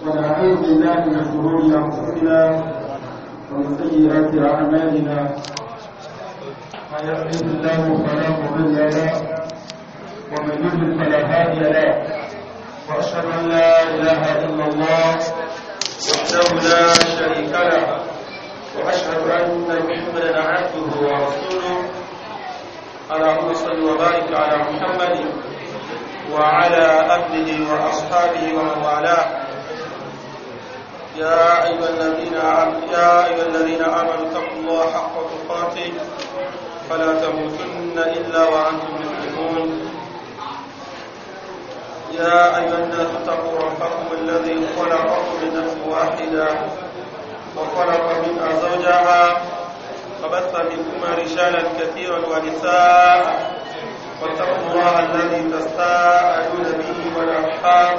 ونعوذ بالله من شرور انفسنا ومن سيئات اعمالنا من يهده الله فلا مضل له ومن يضلل فلا هادي له واشهد ان لا اله الا الله وحده لا شريك له واشهد ان محمدا عبده ورسوله اللهم صل وبارك على محمد وعلى اهله واصحابه ومن والاه يا أيها الذين آمنوا يا أيها الذين آمنوا اتقوا الله حق تقاته فلا تموتن إلا وأنتم مسلمون يا أيها الناس اتقوا ربكم الذي خلقكم من نفس واحدة وخلق منها زوجها وبث منكما رجالا كثيرا ونساء واتقوا الله الذي تساءلون به والأرحام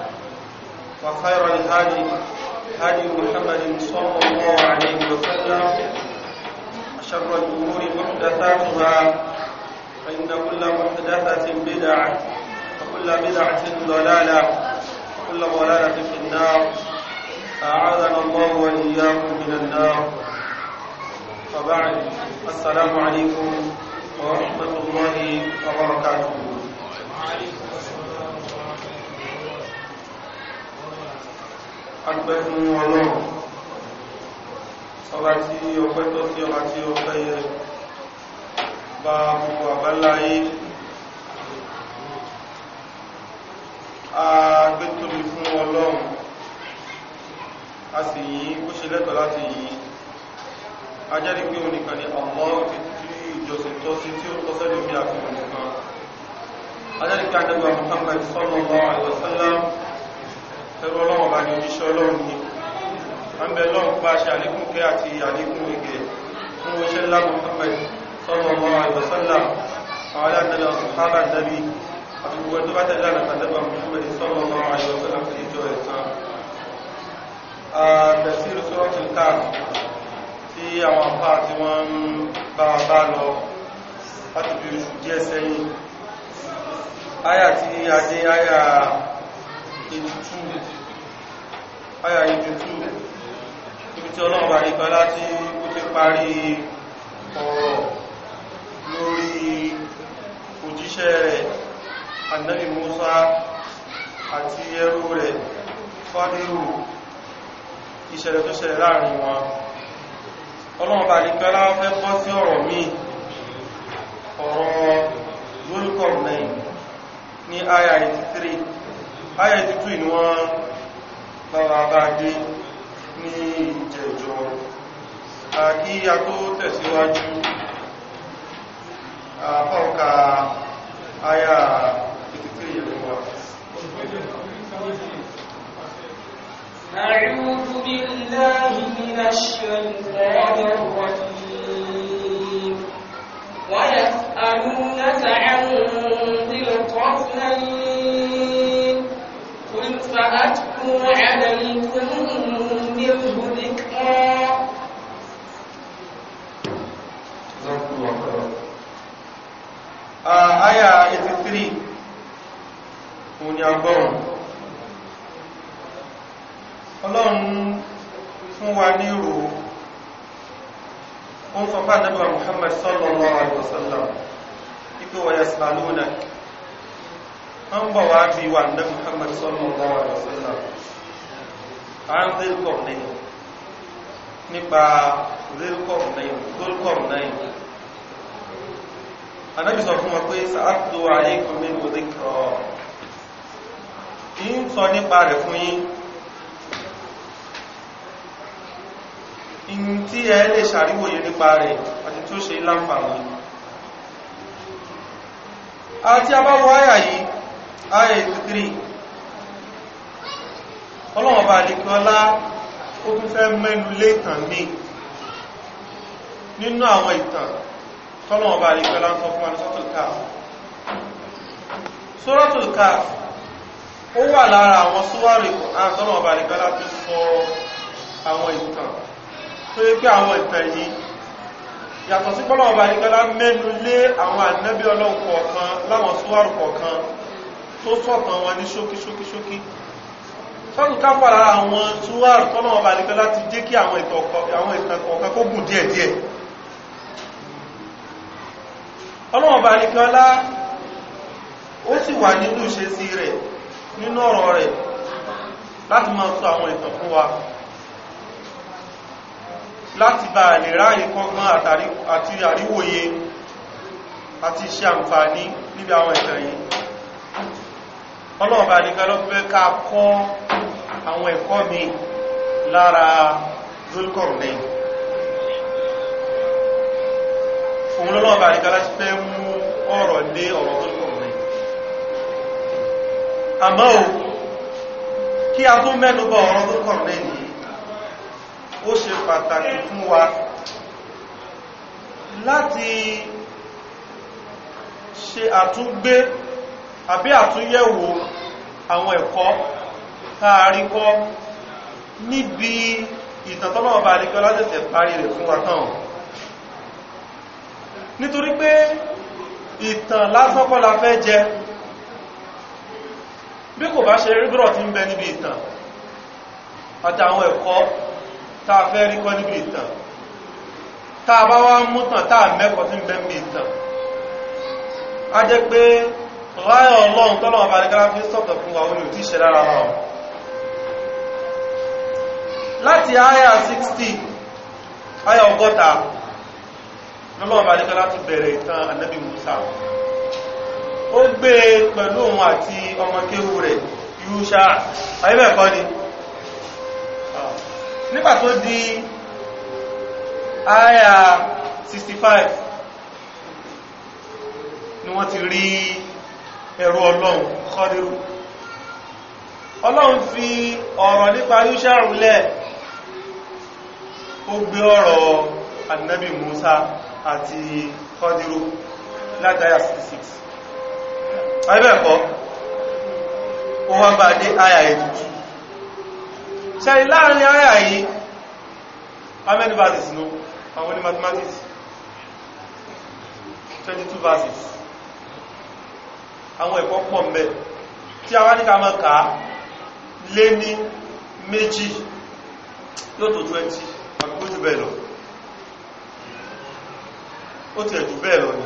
وخير الهادي هادي محمد صلى الله عليه وسلم وشر الأمور محدثاتها فإن كل محدثة بدعة وكل بدعة ضلالة وكل ضلالة في النار أعاذنا الله وإياكم من النار وبعد السلام عليكم ورحمة الله وبركاته وعليكم adúpẹ́ fún ọlọ́run ọba tí ọpẹ́ tó sí ọba tí ọpẹ́ yẹ bá gbogbo àbáláyé agbẹ́tòmí fún ọlọ́run a sì yìí ó ṣe lẹ́tọ̀ láti yìí a jẹ́rìí pé onìkan ni ọmọ títí ìjọsìn tọ́ sí tí ó tọ́ sẹ́lẹ̀ bí àfihàn nìkan a pé adẹ́gbà Muhammad sallallahu alaihi wasallam ẹrù ọlọ́wọ̀n bá ní oníṣẹ́ ọlọ́run ni a ń bẹ lọ́wọ́n pa ṣe àlékún kẹ́ àti àlékún igẹ̀ fún oṣẹ́ ńlá Muhammad sallallahu alaihi wasallam àwọn aládàlá sàhábà dábí àti gbogbo ẹni tó bá tẹ̀lé àlàkà dábà Muhammad sallallahu alaihi wasallam fún ìjọ ẹ̀sán tẹ̀síìrì suratul Kahf tí àwọn apá láti bí oṣù díẹ̀ sẹ́yìn áyà tí adé áyà 82 àyà 82 ibi tí ọlọ́ọ̀bà ìgbà láti ó ti parí ọ̀rọ̀ lórí òjíṣẹ́ rẹ̀ Ànábì Mùsá àti ẹrú rẹ̀ fọ́nírù ìṣẹ̀lẹ̀ tó ṣẹlẹ̀ láàrin wọn ọlọ́ọ̀bà ìgbà láwọn fẹ́ bọ́ sí ọ̀rọ̀ míì ọ̀rọ̀ lórúkọ̀ 9 ayà ìtìtù ni wọ́n lára bá dé ní ìjẹjọ àkí a tó tẹ̀síwájú àpọ̀ọ̀ká ayà ìtìtù ìyẹ̀lẹ́wà أعوذ بالله من الشيطان الرجيم ويسألونك ní ọgọ́rùn ọlọ́run fún wa ní ìrò ó ń sọpá nípa Muhammad sallallahu alaihi wasallam ipò wọ̀yẹ̀ sàlúnà wọ́n bọ̀ wá bí wà ní Muhammad sallallahu alaihi wasallam a ń zilkọ̀ nẹ́yìn nípa zilkọ̀ nẹ́yìn zilkọ̀ nẹ́yìn anábìsọ̀ fún wọn pé sa'addu alaykum min dhikra ń sọ nípa rẹ̀ fún yín in tí ẹ lè ṣàríwòye nípa rẹ̀ àti tó ṣe láǹfààní àti abáwọ àyà yìí àyà ìtìtìrì ọlọ́wọ̀n bá lè kí ọlá ó tún fẹ́ mẹ́nu lé ìtàn mi nínú àwọn ìtàn tọ́lọ̀wọ̀n bá lè kí ọlá ń sọ fún wa ó wà lára àwọn súwárì àtọ́nà ọba nìkanlá fi sọ àwọn ìtàn tó yẹ pé àwọn ìtàn yìí yàtọ̀ sí pọ́nà ọba nìkanlá mẹ́nu lé àwọn ànábí ọlọ́run kọ̀ọ̀kan láwọn súwárì kọ̀ọ̀kan tó sọ̀kan wọn ní ṣókí ṣókí ṣókí sọ́tún ká pà lára àwọn súwárì tọ́nà ọba nìkanlá ti jẹ́ kí àwọn ìtàn kọ̀ọ̀kan kó gùn díẹ̀díẹ̀ ọlọ́run ọba nìkanlá ó sì wà nínú ìṣesí rẹ̀ nínú ọ̀rọ̀ rẹ̀ láti máa sọ àwọn ìtàn fún wa láti bá lè ráyè kọ́gbọ́n àti àríwòye àti iṣẹ́ àǹfààní níbi àwọn ìtàn yìí ọlọ́ọ̀bá nìkan ló fẹ́ ká kọ́ àwọn ẹ̀kọ́ mi lára zulkornain òun lọ́lọ́ọ̀bá nìkan mú ọ̀rọ̀ lé ọ̀rọ̀ àmọ́ o kí a tó mẹ́nubọ̀ ọ̀rọ̀ tó kọ̀ lẹ́yìn ó ṣe pàtàkì fún wa láti ṣe àtúngbé àbí àtúnyẹ̀wò àwọn ẹ̀kọ́ táàrí kọ́ níbi ìtàntọ́lọ́ ọba àríkọ́ látẹ̀tẹ̀ parí rẹ̀ fún wa tán nítorí pé ìtàn lásán kọ́ la fẹ́ jẹ bí kò bá ṣe rígbọ́rọ̀ tí ń bẹ níbi ìtàn àtàwọn ẹ̀kọ́ tá a fẹ́ rí kọ́ níbi ìtàn tá a bá wá mú tàn tá a mẹ́kọ̀ọ́ tí ń bẹ níbi ìtàn a jẹ́ pé ráyọ̀ ọlọ́run tọ́lọ́run 60 àyà ọgọ́ta lọ́lọ́run bá nígbà láti bẹ̀rẹ̀ ìtàn ó gbé e pẹ̀lú òun àti ọmọ kéhù rẹ̀ yúṣà ayébẹ̀kọ́ ni nígbà tó di àyà 65 ni wọ́n ti rí ẹ̀rù ọlọ́run kọ́dírù ọlọ́run fi ọ̀rọ̀ nípa yúṣà rúlẹ̀ ó gbé ọ̀rọ̀ annabi musa àti kọ́dírù látàyà 66 àìbẹ̀ẹ̀kọ́ ó wá bá dé àyà ìtùtù ṣẹ́rí láàrin àyà yìí how many verses No, how many mathematics 22 verses àwọn ẹ̀kọ́ pọ̀ mẹ́ tí a wá ní ká mọ́ ká lé ní méjì yóò tó 20 àkókò jù bẹ́ẹ̀ lọ ó ti ẹ̀jù bẹ́ẹ̀ lọ ni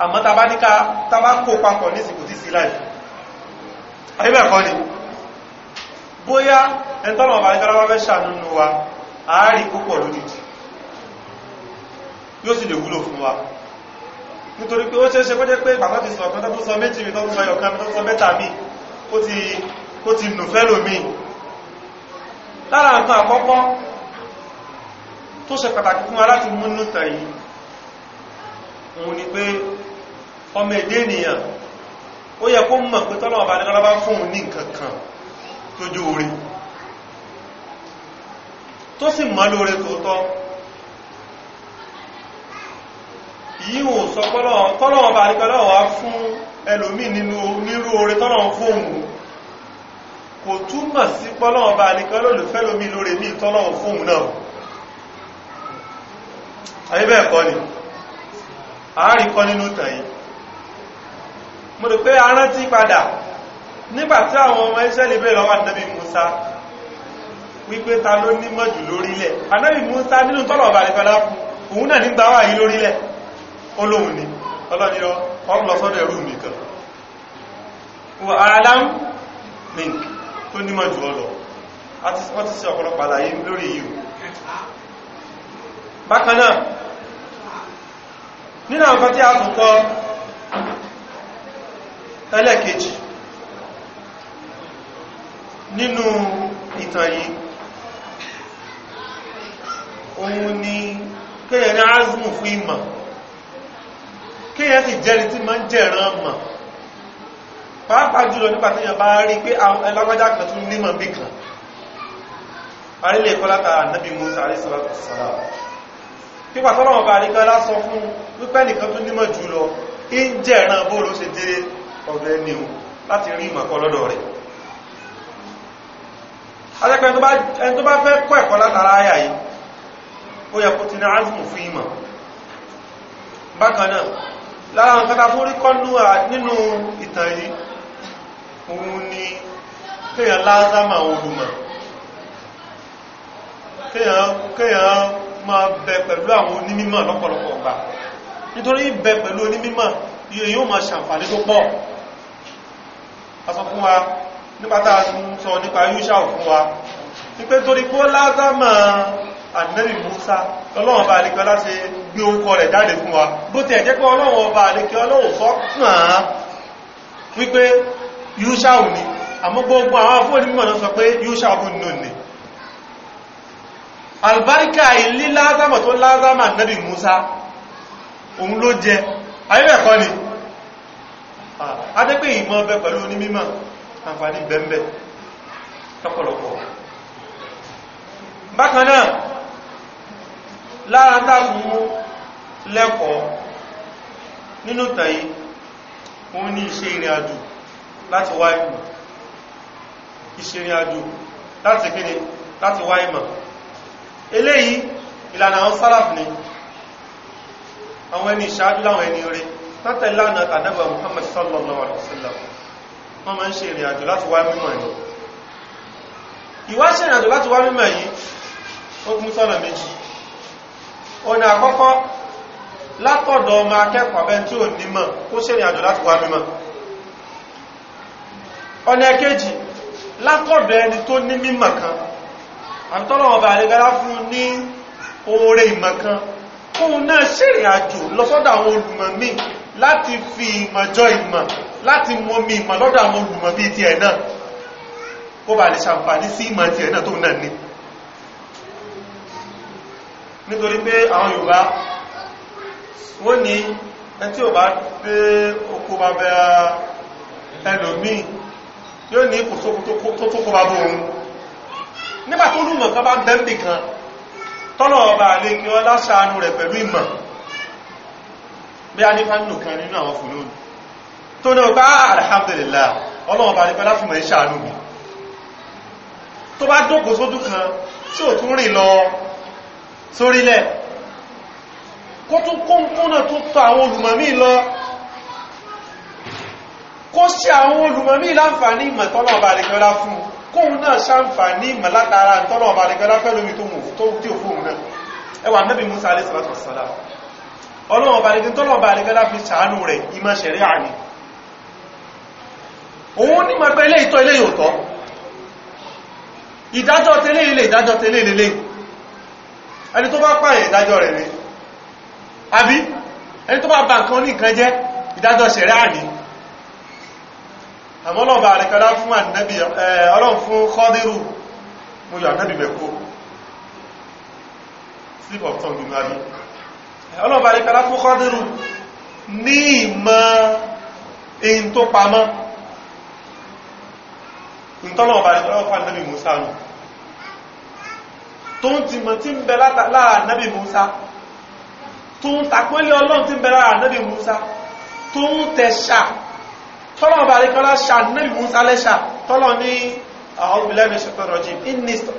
àmọ́ tàbá ní ká tàbá kó papọ̀ ní ìsìnkú tí sí láìfì ayébẹ̀kọ́ ni bóyá ẹntọ́nà ọba ìtọ́lá wá fẹ́ ṣàánú wa àárí púpọ̀ lójijì yóò sì lè wúlò fún wa nítorí pé ó ṣe é ṣe kọ́jẹ́ pé bàbá ti sọ ọ̀kan tó sọ méjì mi tó sọ ọ̀kan tó sọ mẹ́ta mi ó ti nù fẹ́lò mi lára nǹkan àkọ́kọ́ tó ṣe pàtàkì fún wa òun ni pé ọmọ èdè ènìyàn ó yẹ kó mọ̀ pé tọ́lọ̀ ọba nígbàlábá fún òun ní nǹkan kan tó jó orí tó sì mọ́ lóore tòótọ́ yìí ò sọ tọ́lọ̀ ọba nígbàlábá wá fún ẹlòmí nínú onírú oore tọ́lọ̀ fún òun kò túmọ̀ sí pọ́lọ̀ ọba nígbàlábá lòlùfẹ́ lómi lóore míì tọ́lọ̀ fún òun náà ayébẹ̀ ẹ̀kọ́ ni àárí kọ́ nínú tàn yìí mo rò pé arántí padà nígbàtí àwọn ọmọ Ísírẹ́lì bèèrè lọ́wọ́ ànábì Musa wípé ta ló nímọ̀ jù lórílẹ̀ ànábì Musa nínú tọ́lọ̀ ọba àrífẹ́lá fún òun náà ní gbáwà yìí lórílẹ̀ olóhun ni ọlọ́ni ọlọ́sọ́dọ̀ ẹ̀rù mi kan alam mink tó nímọ̀ jù ọlọ́ wọ́n ti sí ọ̀pọ̀lọpàá láyé lórí yìí bákan náà nínú àwọn kan tí a tún kọ́ ẹlẹ́kejì nínú ìtàn yìí òun ni kéyẹ̀ ní azmù fún ìmọ̀ kéyẹ̀ sì jẹ́rì tí ma ń jẹ̀ràn mọ̀ pàápàá jùlọ nípa tí yẹn bá rí pé ẹlọ́gbọ́já kan tún nímọ̀ bí kan arílẹ̀ ìkọ́látà nàbí Musa alayhi salatu nígbà tọ́lọ́wọ̀n bá nìkan lásọ fún wípẹ́ nìkan tó nímọ̀ jù lọ ń jẹ́ ẹ̀ràn bóòlù ṣe dé ọ̀dọ̀ ẹni o láti rí ìmọ̀kọ́ lọ́dọ̀ rẹ̀ alẹ́pẹ́ ẹni tó bá fẹ́ kọ́ ẹ̀kọ́ látara ayà yìí ó yẹ kó ti ní azmù fún ìmọ̀ bákan náà lára nǹkan ta fún ríkọ́ nínú ìtàn yìí òun ni kéèyàn lázàmà olùmọ̀ kéèyàn ma bẹ pẹ̀lú àwọn onímímọ̀ lọ́pọ̀lọpọ̀ ọgbà nítorí bẹ pẹ̀lú onímímọ̀ iye yóò máa ṣàǹfàní tó pọ̀ asọ́fún wa nípatá sọ nípa yúṣà òfún wa wípé torí kó lázámà ànẹ́rì Musa ọlọ́wọ̀n bá alẹ́kẹ́ láti gbé orúkọ rẹ̀ jáde fún wa bó ti ẹ̀jẹ́ pé ọlọ́wọ̀n bá alẹ́kẹ́ ọlọ́wọ̀n sọ́kàn wípé yúṣà òní àmọ́ àwọn afọ́ onímọ̀ náà sọ pé yúṣà òní Albarika ilé lázàmà tó lázàmà nábì Musa òun ló jẹ ayébẹ̀kọ́ ni adẹ́gbẹ̀ ìmọ̀ ọbẹ̀ pẹ̀lú onímímọ̀ àǹfààní bẹ̀m̀bẹ̀ lọ́pọ̀lọpọ̀ bákanáà lára tàbí lẹ́kọ̀ọ́ nínú tàyí wọ́n ní iṣẹ́ ìrìn àjò láti wá ìmọ̀ iṣẹ́ ìrìn àjò láti láti wá ìmọ̀ eléyìí ìlànà àwọn sáràf ni àwọn ẹni ìṣáájú láwọn ẹni rẹ̀ tọ́tẹ̀ lánàá tànàbà Muhammad sallallahu alaihi wasallam wọ́n máa ń ṣe ìrìn àjò láti wá mímọ̀ ni ìwá ṣe ìrìn àjò láti wá mímọ̀ yìí ó kún sọ́nà méjì ọ̀nà àkọ́kọ́ látọ̀dọ̀ ọmọ akẹ́kọ̀ọ́ abẹ́ tí ò ẹni tó ní mímọ̀ kan àbítọ́lọ́wọ́ bá àrígára fún ní oore ìmọ̀kan kóun náà ṣèrìn àjò lọ́sọ́dọ̀ àwọn olùmọ̀ míì láti fi ìmọ̀jọ ìmọ̀ láti mú omi ìmọ̀ lọ́dọ̀ àwọn olùmọ̀ bíi tiẹ̀ náà kó bá lè ṣàǹfààní sí ìmọ̀ tiẹ̀ náà tóun náà ní nítorí pé àwọn Yorùbá wọ́n ní ẹtí ò bá gbé oko bàbá ẹlòmíì yóò ní kò tó kó bàbá òun nígbà tó lùmọ̀ kan bá bẹ́ẹ̀bì kan tọ́lọ̀ ọba àlékí ọlá ṣàánú rẹ̀ pẹ̀lú ìmọ̀ bí a ní fánìlò kan nínú àwọn fòlóòdù tó ní ah, ọba alhamdulillah ọlọ́ọ̀bà àlékí ọlá fìmọ̀ ìṣàánú mi tó bá dókò sójú kan tí ò tún rìn lọ sórílẹ̀ kó tún kóńkónà tó tọ àwọn olùmọ̀mí lọ kó sí àwọn olùmọ̀mí láǹfààní ìmọ̀ tọ́lọ̀ ọba àlékí ọlá fún un kóhun náà ṣàǹfààní mọ̀látara tọ́nà ọba àdìgbẹ́lá fẹ́ lómi tó mú tó tí ò fóhun náà ẹwà nẹ́bí Musa alẹ́ sọ́lọ́tọ̀ sọ́lá ọlọ́run ọba àdìgbẹ́ tọ́nà ọba àdìgbẹ́lá fi ṣàánú rẹ̀ ìmọ̀ ṣẹ̀rí àní òun ní mọ̀ pé ilé ìtọ́ ilé yòótọ́ ìdájọ́ tẹ́lé ilé ìdájọ́ tẹ́lé ilé ẹni tó bá pààyàn ìdájọ́ rẹ̀ ni àbí ẹni tó bá bà nǹkan ní nǹkan jẹ́ ìdájọ́ àmọ́lọ́bà àríkọlá fún ànábì ọlọ́run fún kọ́dírù mú yọ ànábì bẹ̀kó slip of tongue nínú ayé ọlọ́run àríkọlá fún kọ́dírù ní ìmọ̀ in tó pamọ́ ìtọ́lọ́run àríkọlá fún ànábì Musa nù tó ń ti mọ̀ tí ń bẹ lára Musa tó ń tàpẹ́lẹ̀ ọlọ́run tí ń bẹ lára ànábì Musa tó ń tẹ̀ṣà tọ́lọ̀ bá rí kọ́lá ṣà nílì musa lẹ́ṣà tọ́lọ̀ ní ọgbìlẹ́mì ṣẹ̀tọ́rọ̀jì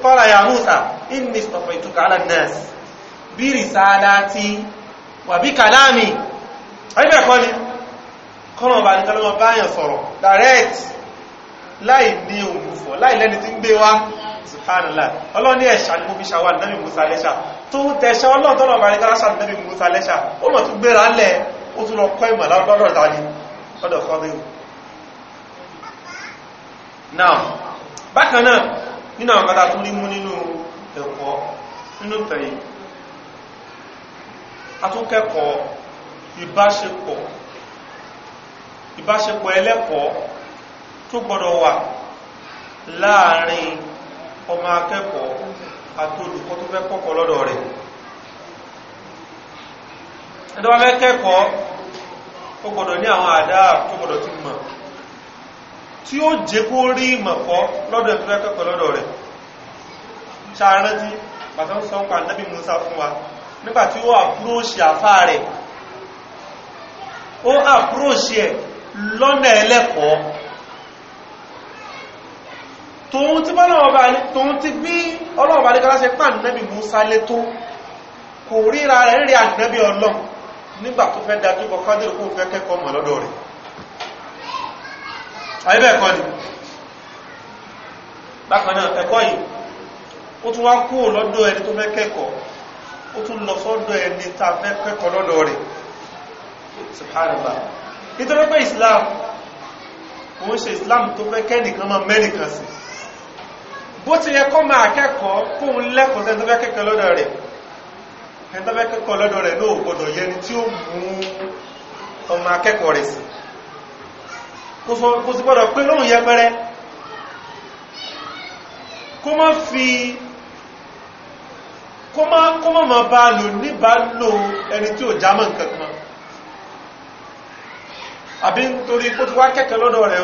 kọ́lá ya musa inni istafaituka ala nas bí risalati wà bí kalami ẹgbẹ́ kọ́ ni kọ́lọ̀ bá rí kọ́lá báyàn sọ̀rọ̀ direct láì ní òmùfọ̀ láì lẹ́ni tí ń gbé wá subhanallah ọlọ́ni ẹ̀ṣà ni mo fi ṣàwà nẹ́bí musa lẹ́ṣà tó ń tẹ̀ṣẹ́ ọlọ́tọ́lọ̀ náà bákan náà nínú àwọn kátà tó ní mú nínú ẹ̀kọ́ nínú tẹ̀yìn atúnkẹ́kọ̀ọ́ ìbáṣepọ̀ ìbáṣepọ̀ ẹlẹ́kọ̀ọ́ tó gbọ́dọ̀ wà láàrin ọmọ akẹ́kọ̀ọ́ àtolùkọ́ tó fẹ́ kọ́kọ́ lọ́dọ̀ rẹ̀ ẹ̀dọ́wà fẹ́ kẹ́kọ̀ọ́ ó gbọ́dọ̀ ní àwọn àdáà tó gbọ́dọ̀ ti mọ̀ tí ó jẹ kó rí ìmọ̀kọ́ lọ́dọ̀ ẹ̀kọ́ lọ́dọ̀ rẹ̀ ṣàrántí bàtán sọ ń pa nábì Musa fún wa nígbà tí ó àpúróṣì àfá rẹ̀ ó àpúróṣì ẹ̀ lọ́nà ẹlẹ́kọ̀ọ́ tòun tí bí ọlọ́ọ̀bá ní kọ́lá ṣe pà nábì Musa lé tó kò ríra rẹ̀ rí àgbẹ́bí ọlọ́ nígbà tó fẹ́ dájú kọ́kọ́ dé kó fẹ́ kẹ́kọ̀ọ́ mọ̀ lọ́dọ̀ rẹ̀ àyíbẹ̀ ẹ̀kọ́ ni bákanáà ẹ̀kọ́ yìí ó tún wá kúrò lọ́dọ̀ ẹni tó fẹ́ kẹ́kọ̀ọ́ ó tún lọ sọ́dọ̀ ẹni tá fẹ́ kẹ́kọ̀ọ́ lọ́dọ̀ rẹ̀ subhanallah nítorí pé islam kò ń ṣe islam tó fẹ́ kẹ́nìkan máa mẹ́nìkan sí bó ti yẹ kọ́ máa kẹ́kọ̀ọ́ kóun lẹ́kọ̀ọ́ tẹ́ tó fẹ́ kẹ́kọ̀ọ́ lọ́dọ̀ rẹ̀ ẹni tó kò sí gbọ́dọ̀ pé lóhùn yẹpẹrẹ kó má fi kó má kó má má bá lò níbàálò ẹni tí ò jámọ̀ nǹkan kan àbí nítorí kó ti wá kẹ́kẹ́ lọ́dọ̀ rẹ̀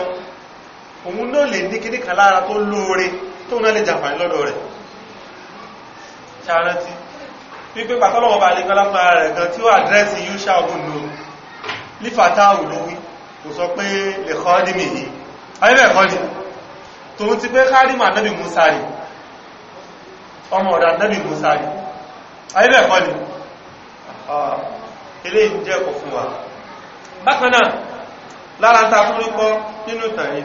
òun náà lè ní kíní kan lára tó lóore tó náà lè jàǹfààní lọ́dọ̀ rẹ̀ ṣàrántí wípé pàtọ́lọ́wọ́ bá lè kọ́lá fún ara rẹ̀ gan tí ó àdírẹ́sì yíó ṣàwọ́ lò nífàtà òlówí kò sọ pé lè kọ́dìmì yìí ayébẹ̀ kọ́dì tó ń ti pé kádìmà nẹ́bì musari ọmọ ọ̀dà nẹ́bì musari ayébẹ̀ kọ́dì ilé ah, ìjẹ́ kò fún wa bákanáà lára ta fún rípọ́ nínú ìtàrí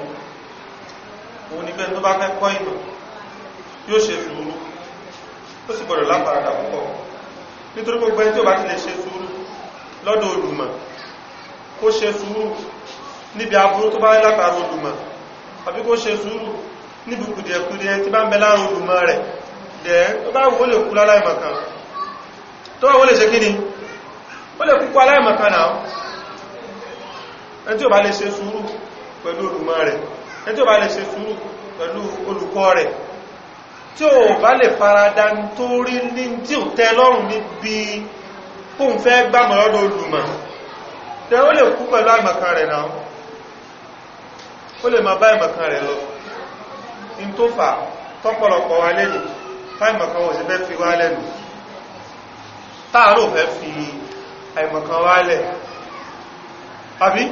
òun ni pé tó bá fẹ́ kọ́ ìmọ̀ yóò ṣe sùúrù ó sì gbọ́dọ̀ láparadà púpọ̀ nítorí gbogbo ẹni tí ó bá ti lè ṣe sùúrù lọ́dọ̀ olùmọ̀ kó ṣe sùúrù níbi aburú tó bá rí látàrí olùmọ̀ àbí kó ṣe sùúrù níbi kùdìẹ̀kùdìẹ̀ tí bá ń bẹ láàrin olùmọ̀ rẹ̀ dẹ̀ tó bá wó le tí ó bá lè le sùúrù suru ba le farada ní tí ò tẹ́ lọ́rùn níbi fẹ́ tẹ ó lè kú pẹ̀lú àìmọ̀kan rẹ̀ náà ó lè máa bá àìmọ̀kan rẹ̀ lọ in tó fà tọ́pọ̀lọpọ̀ wa lẹ́nu táìmọ̀kan wọ́n sì fẹ́ fi wá lẹ́nu táàrò fẹ́ fi àìmọ̀kan wá lẹ̀ àbí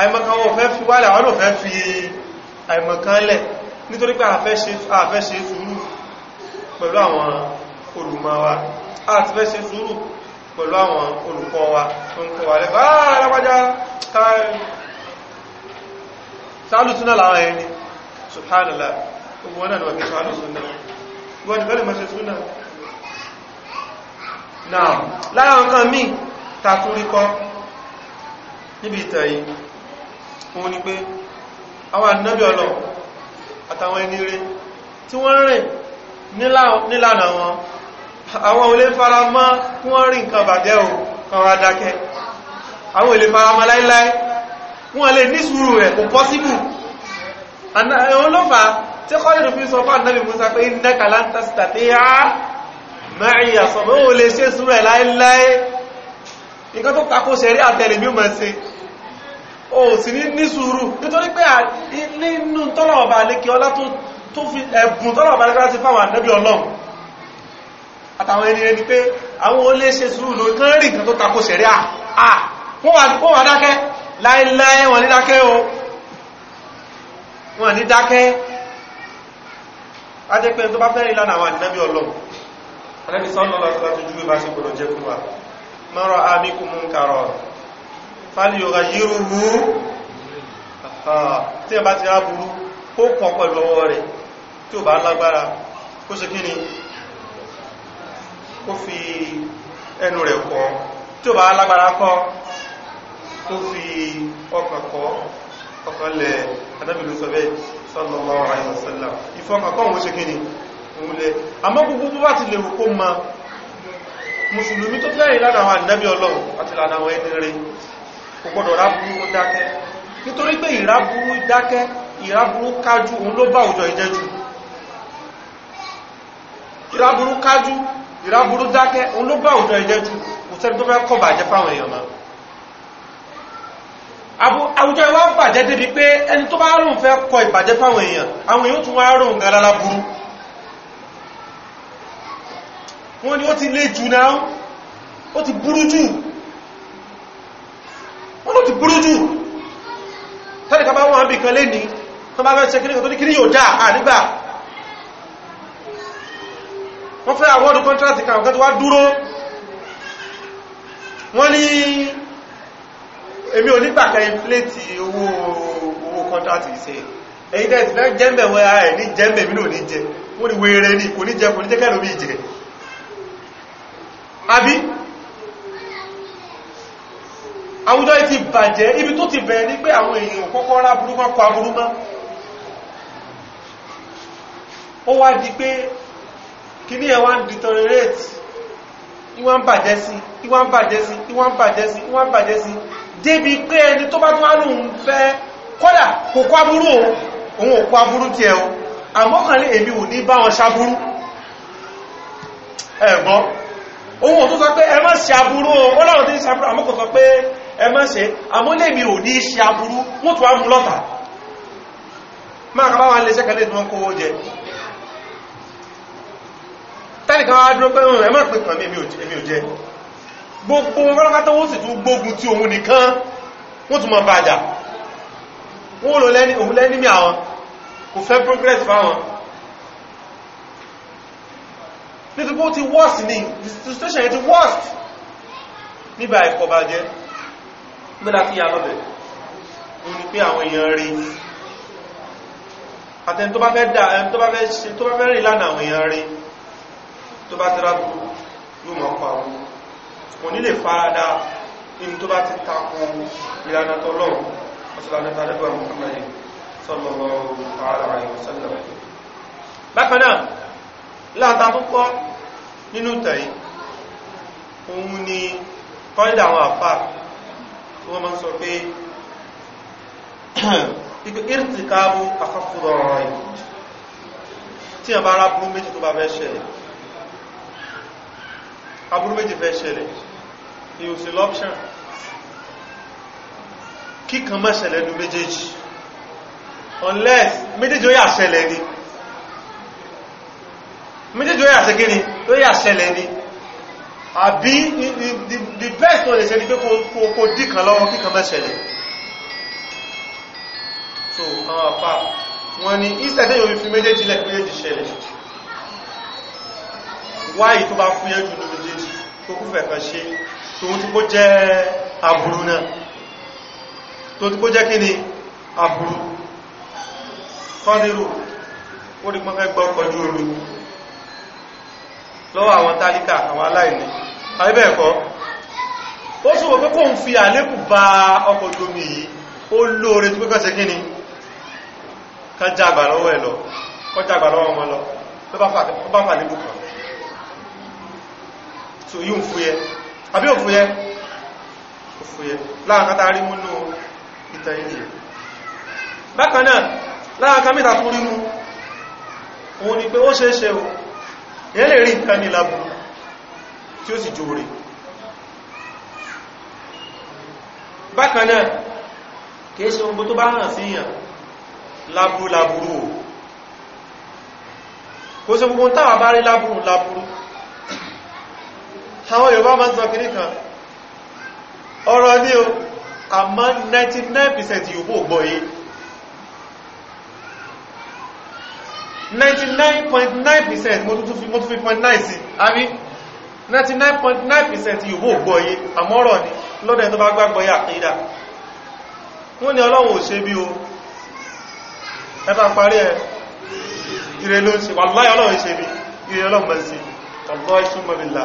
àìmọ̀kan wọ́n fẹ́ fi wá lẹ̀ àwọn fẹ́ fi àìmọ̀kan lẹ̀ nítorí pé àfẹ́ ṣe sùúrù pẹ̀lú àwọn olùmọ̀ wa àti fẹ́ ṣe sùúrù pẹ̀lú àwọn olùkọ́ wa tó ń kọ́ wa lẹ́kọ́ alápájá ah, sáàlùsúnà láwọn ẹni subhanallah gbogbo wọn náà wọ́n kí sáàlùsúnà wọ́n gbọ́lẹ̀ mọ́ súnà náà láwọn nǹkan mí takúríkọ́ níbi ìtàn òun ni pé àwọn àtàwọn ẹni tí wọ́n rìn wọn àwọn olè fara mọ́ kún wọ́n rí nǹkan bàjẹ́ o kan wá dákẹ́ àwọn olè fara mọ́ láíláí wọ́n lè ní sùúrù rẹ̀ kò pọ́síbù àwọn lọ́fà tí kọ́lẹ̀dù fi sọ fún ànábì Musa pé innaka lan tastati'a ma'iya sọ̀bọ̀ ó lè ṣe sùúrù ẹ̀ láíláí nǹkan tó takó ṣẹ̀rí àtẹ̀lẹ̀ mí mọ̀ sí o sì ní ní fi ẹ̀bùn tọ́lọ̀ ọba lékè ọlá fáwọn ànábì Ọlọ́run àtàwọn ẹni ẹni pé àwọn olè ṣe sùúrù lórí kán rí nǹkan tó takò sẹ̀rí à wọ́n wà dákẹ́ láìláì wọ́n ní dákẹ́ o wọ́n ní dákẹ́ adẹ́pẹ́ tó bá fẹ́ rí lánàá àwọn ànábì ọlọ́run ànábì sọ́lọ́lọ́ sọ́lọ́tún júwé bá sí gbọ́dọ̀ jẹ́ fún wa mọ́rọ̀ àmìkù mú kàrọ̀ fàlìyọ̀gá yírùrú tí ẹ bá ti rá burú kó kọ̀ pẹ̀lú ọwọ́ rẹ̀ tí kí ni kó fi ẹnu rẹ̀ kọ́ tí ó bá lágbára kọ́ tó fi ọkàn kọ́ ọkàn lẹ̀ adábìlú sọ́bẹ̀ sallallahu alaihi wasallam ìfọkànkọ́ òun ṣe kíni òun lẹ̀ àmọ́ gbogbo bá ti lè rò kó ma mùsùlùmí tó lẹ́yìn lára àwọn ànábì ọlọ́run àti lára àwọn ẹni rẹ̀ kò gbọdọ̀ rábúrú dákẹ́ nítorí pé ìrábúrú dákẹ́ ìrábúrú kájú òun ló bá òjò ìjẹ́jú ìrábúrú kájú ìran burú dákẹ́ òun ló bá òjò ẹ̀jẹ̀ jù kò sẹ́ni tó fẹ́ kọ́ bàjẹ́ fáwọn èèyàn mọ́ àwùjọ ìwà bàjẹ́ débi pé ẹni tó bá rùn fẹ́ kọ ìbàjẹ́ fáwọn èèyàn àwọn èèyàn tún wá rùn gan lára burú wọ́n ni ó ti lé jù náà ó ti burú jù wọ́n ló ti burú jù tẹ́lẹ̀ká bá wọ́n bí kan lé ní tó bá fẹ́ ṣe kíníkan tó ní kíní yóò dáa nígbà wọ́n fẹ́ àwọ́dù kọ́ntrátì kan ọ̀kan tó wá dúró wọ́n ní èmi ò nígbàkẹ́ inflate owó owó kọ́ntrátì ṣe èyí tẹ́ ti fẹ́ jẹ́mbẹ̀ wọ́n ara ẹ̀ ní jẹ́mbẹ̀ mi náà ní jẹ wọ́n ní wèrè ní kò ní jẹ kò ní jẹ́ kẹ́lò bí jẹ àbí àwùjọ ibi tó ti bẹ̀rẹ̀ ní pé àwọn èèyàn kọ́kọ́ rá burúkọ́ kọ aburú di pé kìíní ẹ̀ e wá ń deteriorate ìwọ́n ń bàjẹ́ sí ìwọ́n ń bàjẹ́ sí ìwọ́n ń bàjẹ́ sí ìwọ́n ń bàjẹ́ sí débi pé ẹni tó bá tún wá lóun fẹ́ kọ́dà kò kó aburú o òun ò kó aburú tiẹ̀ o àmọ́ kan lé èmi ò ní bá wọn ṣaburú ẹ̀gbọ́n òun ò tó sọ pé ẹ má ṣe tẹ́nìkan wá dúró pé ẹ má pè kàn mí èmi gbogbo rọ́lọ́kátọ́ wọ́n sì tún gbógun tí òun nìkan wọ́n tún mọ̀ bàjà wọ́n lò lẹ́ni mi àwọn kò fẹ́ progress fáwọn nítorí ó ti worst ní situation yẹn ti worst níbà ẹ̀kọ́ jẹ́ mẹ́lá fi yàlọ́bẹ̀ òun pé àwọn èèyàn rí àtẹni tó bá fẹ́ rìn lánàá àwọn èèyàn rí tó bá tẹ́lá burú yóò mọ̀ pa wọn kò ní lè farada in tó bá ti takò ìlànà tọ́lọ́ ọ̀sọ̀lànà tàbíwà mọ̀kànlẹ̀ sọ́lọ̀lọ́ bákan náà láta tó kọ́ nínú tẹ̀yí òun ni kọ́ìdà àwọn àpá tó ọ̀rọ̀ yìí tí a bá rábùrú méjì tó bá fẹ́ ṣẹlẹ̀ aburú méjì fẹ́ ṣẹlẹ̀ ìhùsìn lọ́pṣàn kíkan mọ́ ṣẹlẹ̀ ní méjèèjì unless méjèèjì ó yà ṣẹlẹ̀ ni méjèèjì ó yà ṣe kíni ó yà ṣẹlẹ̀ ni àbí the best tó lè ṣe ni pé kò díkan lọ́wọ́ kíkan mọ́ ṣẹlẹ̀ so àwọn àpá wọn ni instead yóò fi méjèèjì lẹ́ méjèèjì ṣẹlẹ̀ wáyìí tó bá tó kúfẹ̀ kan ṣe tó ń tí kó jẹ́ àbúrú náà tó tí kó jẹ́ kí ni àbúrú kọ́dírù ó rí pọ́fẹ́ gbọ́ kọjú orí lọ́wọ́ àwọn tálíkà àwọn aláìní àríbẹ̀ẹ̀kọ́ ó sì wò pé kó ń fi àlékù bá ọkọ̀ ojú omi yìí ó lóore tó pẹ́kọ́ sí kí ni ká jàgbà lọ́wọ́ ẹ̀ lọ kọjàgbà lọ́wọ́ wọn lọ ló bá fà lébùkàn so yíò fúyẹ́ àbí òfúyẹ́ òfúyẹ́ láàkátà rí múnú ìtàn ilẹ̀ bákan náà láàká mítà tó rí mú òun ni pé ó ṣe é ṣe o èyẹ́ lè rí nǹkan ní lábù tí ó sì jò rí bákan náà kìí ṣe ohun tó bá hàn síyàn lábúrú lábúrú o kò sí gbogbo táwà bá rí lábúrú lábúrú àwọn Yorùbá máa ń sọ kìíní kan ọ̀rọ̀ ní o àmọ́ 99% Yorùbá ò gbọ́ 99.9% mo tún fi mo tún fi point 9 sí àbí 99.9% Yorùbá ò gbọ́ àmọ́ ọ̀rọ̀ ni lọ́dẹ̀ tó bá gbàgbọ́ yà àkídà wọ́n ní Ọlọ́run ò ṣe bí o ẹ parí ẹ̀ ìrẹ ló ń ṣe wà láyé Ọlọ́run ṣe bí ìrẹ Ọlọ́run ọ̀gbọ́ ìṣúnmọ̀lélà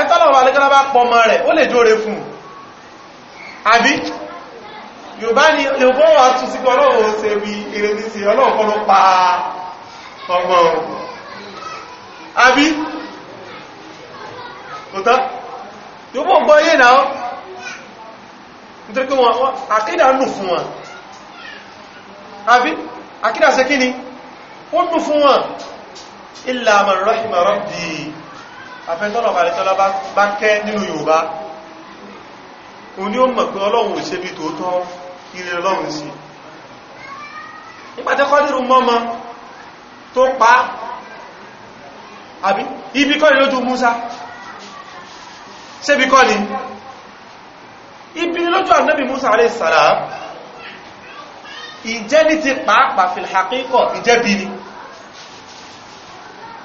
ẹ̀tọ́lọ̀wọ̀ alẹ́gọ́lá bá pọ̀ ọmọ rẹ̀ ó lè jóre fún àbí yorùbá ni yorùbá wà tún sí ọlọ́run ṣe wí ìrẹ́bíṣẹ́ ọlọ́run kọ́ ló pa ọmọ àbí òtọ́ yorùbá gbọ́ yé náà nítorí pé wọn àkídà nù fún wọn àbí àkídà ṣe kí ni ó nù fún wọn illa man rahima rabbi afẹ́tọ́lọ̀ àrẹ́tọ́lá bá kẹ́ nínú Yorùbá o ní ó mọ̀ pé Ọlọ́run ṣe bí tòótọ́ ilé Ọlọ́run sí nígbàtí Kọ́dírù mọ́mọ́ tó pa àbí ibi kọ́ lójú Musa ṣébi kọ́ ni ibi lójú ànábì Musa alayhi salam ìjẹ́ ní ti pàápàá fil haqiqa ìjẹ́bi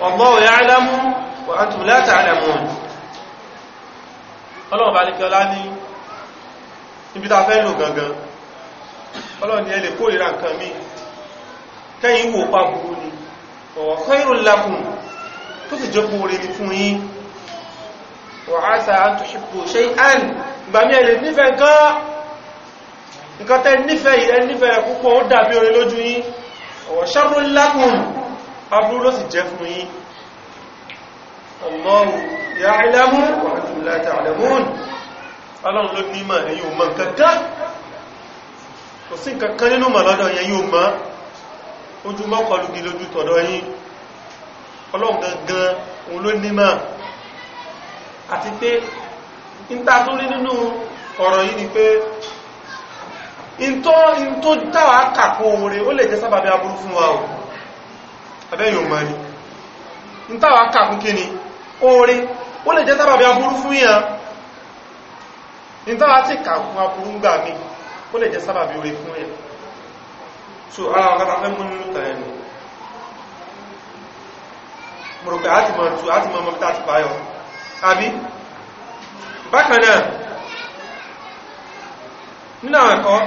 والله يعلم wa لا تعلمون. ta'lamun ọlọ́run bá ní kí ọlá ní ibi ta fẹ́ lò gangan ọlọ́run ni ẹ lè kórìíra nǹkan mí kẹ́yìn wò pa burú ni wa khairul lakum tó sì jẹ́ kóore ní fún yín wa asa an tuhibbu shay'an ìgbà mí ẹ nífẹ̀ẹ́ gan aburú ló sì jẹ́ fún yín Allahu ya'lamu wa antum la ta'lamun ọlọ́run ló ní mọ̀ ẹ̀yin ò mọ̀ kankan kò sí kankan nínú mọ̀ lọ́dọ̀ ẹ̀yin ò mọ̀ ojú mọ́kọlùgí lójú tọ̀dọ̀ ẹ̀yin ọlọ́run gangan òun ló ní yìí ni ìntó dáwà kàkó oore ó lè jẹ́ sábàbí aburú fún wa o abẹ́yìn ọmọ ni ń tàwà kàkún kí ni oore ó lè jẹ́ sábàbí aburú fún yàn ń tàwà tí kàkún aburú gbà mí ó lè jẹ́ sábàbí oore fún so ara wọn kátà fẹ́ mú nínú tàyẹ̀ nù mọ̀rọ̀pẹ̀ àti mọ̀ tù àti mọ̀ mọ̀kítà ti pààyọ̀ àbí bákanáà nínú àwọn ẹ̀kọ́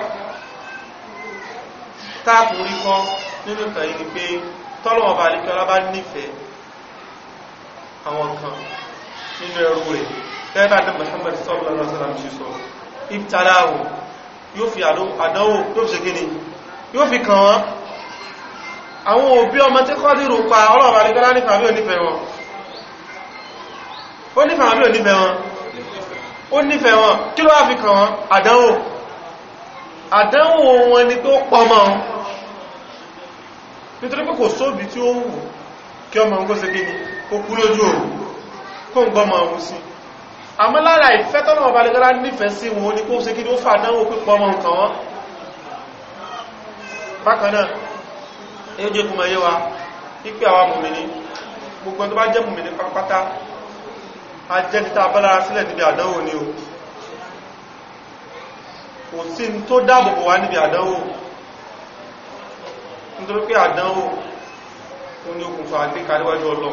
táàkùn rí kọ́ nínú ni pé tọ́lọ̀ ọba àlíkọ́lá bá nífẹ̀ẹ́ àwọn kan nínú ẹrú rẹ̀ lẹ́bà ní Muhammad sallallahu alaihi wasallam ṣe sọ ibtalahu yóò fi àdánwò yóò ṣe gíní yóò fi kàn wọ́n àwọn òbí ọmọ tí kọ́ dìrò pa ọlọ́ọ̀bà àlíkọ́lá nífẹ̀ẹ́ onífẹ̀ẹ́ wọn ó nífẹ̀ẹ́ wọn onífẹ̀ẹ́ nítorí pé kò sóbi tí ó wù kí ọmọ ń gọ́sẹ̀ gíní kó kú lójú òru kó ń gbọ́mọ ọmọ sí àmọ́ lára ìfẹ́ tọ́nà ọba lẹ́gbẹ́lá nífẹ̀ẹ́ sí wọn ní kó ṣe kí ó fàdánwò pípọ̀ ọmọ nǹkan wọn bákanáà èyí Ntuli nke a dánwó onyeokwu nfọwọ adịka n'iwájú ọlọọ.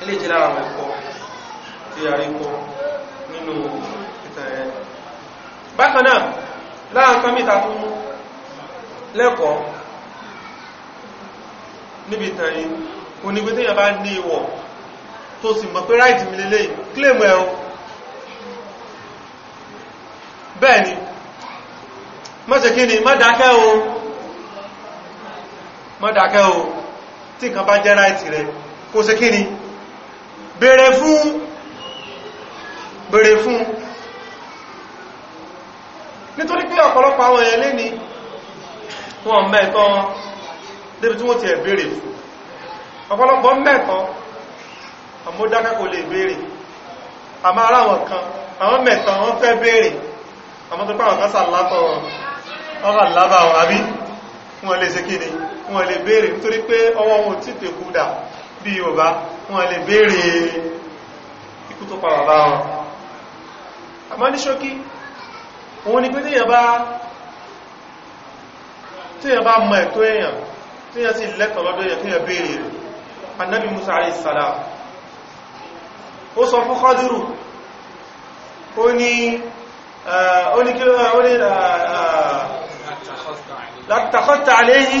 E lecheta ala m ịkọ tiri n'inu nta ya Bakana, laakami tafu, leeko, n'ibigari onigbete ya na ba ni iwo to si mọ pe right milele ịklaimu e o. Be ni, maseke ni, madafe o. mọ́ dákẹ́ o tí nǹkan bá jẹ́ ráìtì rẹ̀ kó ṣe kíni bèèrè fún bèèrè fún nítorí pé ọ̀pọ̀lọpọ̀ àwọn èèyàn lé ní wọn mẹ́ẹ̀tọ́ débi tí wọ́n ti ẹ̀ bèèrè fún ọ̀pọ̀lọpọ̀ mẹ́ẹ̀tọ́ àmọ́ dákẹ́ kò lè bèèrè àmọ́ ara wọn kan àwọn mẹ́ẹ̀tọ́ wọn fẹ́ bèèrè àmọ́ tó pàwọn kan sàlátọ̀ ọ̀rọ̀ lábàwọn àbí wọn lè ṣe kíni wọn lè béèrè nítorí pé ọwọ́ wọn tí tè kúdà bí Yorùbá wọn lè béèrè ikú tó pa bàbá wọn àmọ́ ní ṣókí òun ni pé tíyàn bá mọ ẹ̀tọ́ èèyàn tíyàn sì lẹ́tọ̀ lọ́dọ̀ èèyàn tíyàn béèrè rẹ̀ annabi Musa alayhi ó sọ fún Khadiru ó ní kí ó ní látàkọ́ta aléyìí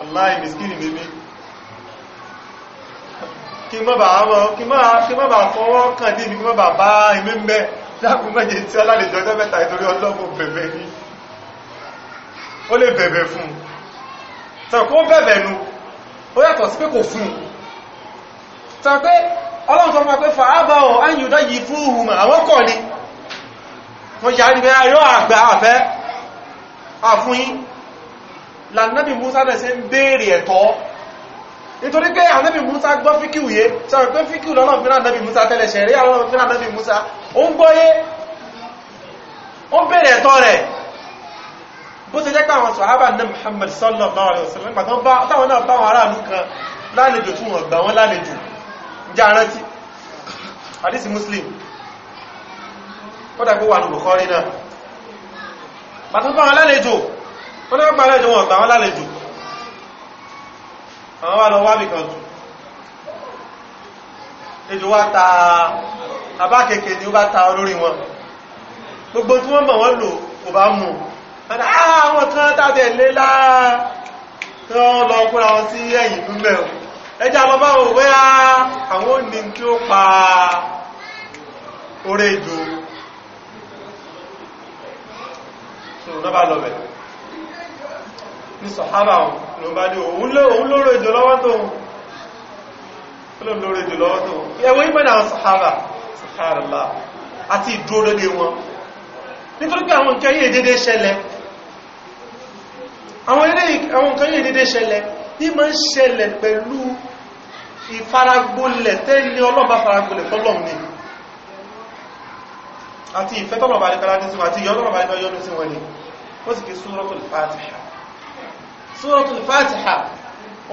aláì mìskìnì mímí kí mọ́ bà fọwọ́ kàn dí ibi kí mọ́ bà bá imé mẹ́ dákùn mẹ́jẹ tí ọlá lè jọjọ́ mẹ́ta ìtorí ọlọ́mọ bẹ̀bẹ̀ ní ó lè bẹ̀bẹ̀ fún tàkó bẹ̀bẹ̀ nù ó yàtọ̀ sí pé kò fún tàkó ọlọ́run sọ fún wa pé fàábà ọ̀ áyùdá yìí fún ohun àwọn kọ̀ ni wọ́n yà ní bẹ́ ayọ́ àgbà àfẹ́ àfúnyín lànàbì Musa náà ṣe ń béèrè ẹ̀tọ́ nítorí pé ànábì Musa gbọ́ fíkíù yé sọ̀rọ̀ pé fíkíù lọ́nà fínà ànábì Musa tẹ́lẹ̀ ṣẹ̀rí àwọn fínà ànábì Musa ó ń gbọ́yé ó ń béèrè ẹ̀tọ́ rẹ̀ bó ṣe jẹ́ pé àwọn sọ̀hábà ní Muhammad sallallahu alaihi wasallam táwọn náà bá wọn aráàlú kan lálejò tún wọn gbà wọn lálejò jẹ́ arántí àdísì Muslim ó dàgbó wà ní Bukhari náà bàtọ́ bá wọn lálejò wọ́n ní wọ́n parẹ́ ìjọ wọn lálejò àwọn wà lọ wábì kan jù ejò wá ta àbá kèkè ni ó bá ta olórí wọn gbogbo tí wọ́n mọ̀ wọ́n lò kò bá mú ah, àwọn tí wọ́n tàbí ẹ̀lẹ́ láàá tí lọ kúra bá lọ bẹ̀rẹ̀ ní sọ̀hábà ló bá ní òun lóòrò ìjò lọ́wọ́ tó lóòrò ìjò lọ́wọ́ tó ẹwọ ìmọ̀nà àwọn sọ̀hábà sọ̀háràlá àti ìdúró lóde wọn nítorí pé àwọn nǹkan yìí dédé ṣẹlẹ̀ àwọn nǹkan yìí dédé ṣẹlẹ̀ ní ma ń ṣẹlẹ̀ pẹ̀lú ìfaragbolẹ̀ tẹ́lẹ̀ ọlọ́ba faragbolẹ̀ tọ́lọ̀ ni àti ìfẹ́ tọ́lọ̀bà ní kọ́lá ní sí wọn àti ìyọ́lọ́bà ní ọyọ́nú sí wọn ni ó sì fi Suratul Fatiha Suratul Fatiha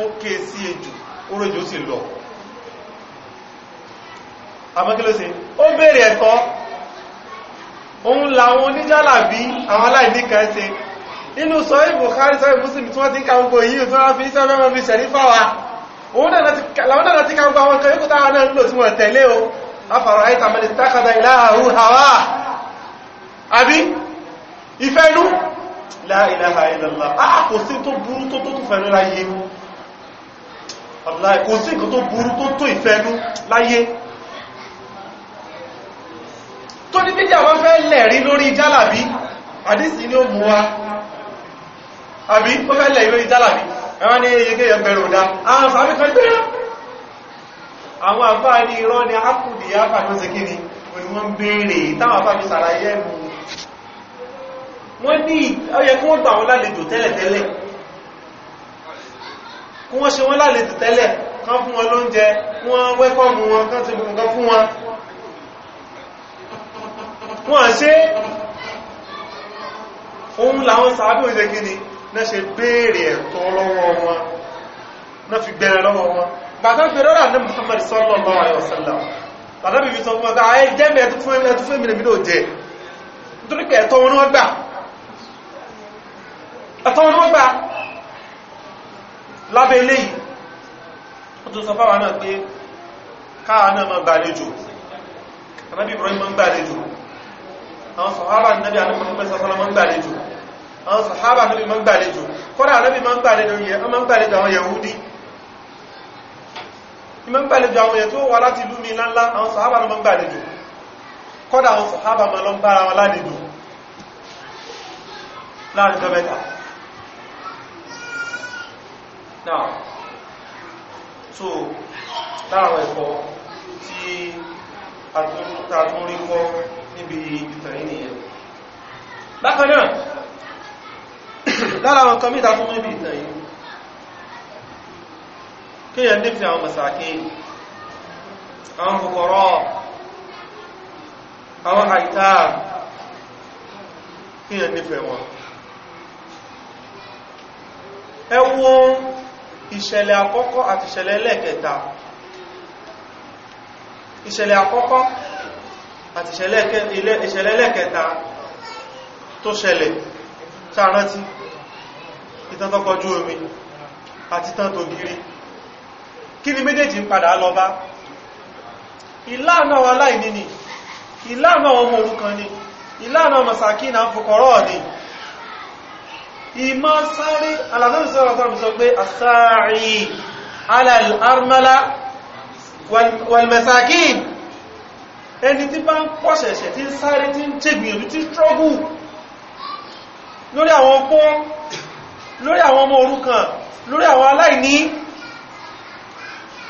ó ké sí ejò orójò sì lọ àmọ́kílósí ó bèèrè ẹ̀kọ́ òun làwọn oníjálàbí àwọn aláìníkan ṣe nínú sọ ìbùkárí sọ ìbùsùn tí wọ́n ti ká gbogbo yìí tó wọ́n fi iṣẹ́ mẹ́wọ́n fi ṣẹ̀rí fáwà láwọn náà ti ká gbogbo àwọn kẹ́kọ́ táwọn náà lò tí wọ́n tẹ̀lé o afàrọ̀ àìtàmẹ́lẹ̀ tákàdà ìlàhà la ilaha illallah ah kò sí tó burú tó tó tó fẹ́nu láyé ọ̀láì kò sí nǹkan tó burú tó tó ìfẹ́nu láyé tó ní méjì àwọn fẹ́ lẹ̀rí lórí jálàbí àdísì ni ó mú wa àbí ó fẹ́ lẹ̀rí lórí jálàbí ẹwọ́n ní yẹgẹ́yẹ bẹ̀rẹ̀ òdá àwọn sàbí kan gbé àwọn àfáà ní irọ́ ni wọ́n ní ọyẹ kí wọ́n gbà wọ́n lálejò tẹ́lẹ̀tẹ́lẹ̀ kí wọ́n ṣe wọ́n lálejò tẹ́lẹ̀ kan fún wọn lóúnjẹ wọ́n wẹ́kọ̀mù wọn kan ti bùn kan fún wọn wọ́n ṣe ohun làwọn sàábí òṣè gini náà ṣe béèrè ẹ̀tọ́ lọ́wọ́ wọn náà fi gbẹ̀rẹ̀ lọ́wọ́ wọn bàtà fi rọ́rà ní Muhammad sallallahu alaihi wasallam bàtà bìbí sọ fún ọgbà ayé jẹ́ mẹ́ẹ̀tún fún ẹ̀mí àtàwọn ọmọ gbà lábẹ́ ilé yìí ó tó sọ fáwọn náà pé káà náà ma gbàlejò anábì Ibrahim ma gbàlejò àwọn sọ̀hábà nàbí àwọn Muhammad sọ́sọ́lá ma gbàlejò àwọn sọ̀hábà nàbí ma gbàlejò kọ́rà anábì ma gbàlejò ma gbàlejò àwọn èyàn tó wà láti àwọn sọ̀hábà ma gbàlejò kọ́dà àwọn sọ̀hábà ma lọ ń bára láàrin tọ́mẹ́ta náà so láàrọ̀ ẹ̀kọ́ tí àtúnrí kọ́ níbi ìtàn ènìyàn bákan náà lára àwọn kan mítà fún níbi ìtàn yìí kíyàn nífẹ́ àwọn masàkí àwọn fòkọ̀rọ̀ àwọn àìtàà kíyàn nífẹ́ wọn ẹwọ́n ìṣẹ̀lẹ̀ àkọ́kọ́ àti ìṣẹ̀lẹ̀ ẹlẹ́ẹ̀kẹta ìṣẹ̀lẹ̀ àkọ́kọ́ àti ìṣẹ̀lẹ̀ ẹlẹ́ẹ̀kẹta tó ṣẹlẹ̀ sáàrántí ìtàn tó kọjú omi àti ìtàn tó gírí kí ni méjèèjì ń padà lọ bá ìlànà aláìní ni ìlànà ọmọ òrukàn ni ìlànà masakina fukọrọ ni ìmọ̀ sáré alàbẹ́bí sọ́rọ̀ sọ́rọ̀ sọ pé àsáàrí alàlármálá wàlmẹ̀sàkín ẹni tí bá ń pọ̀ṣẹ̀ṣẹ̀ tí ń sáré tí ń tẹ̀gbìyànjú tí strọ́gù lórí àwọn ọpọ́ lórí àwọn ọmọ òrukàn lórí àwọn aláìní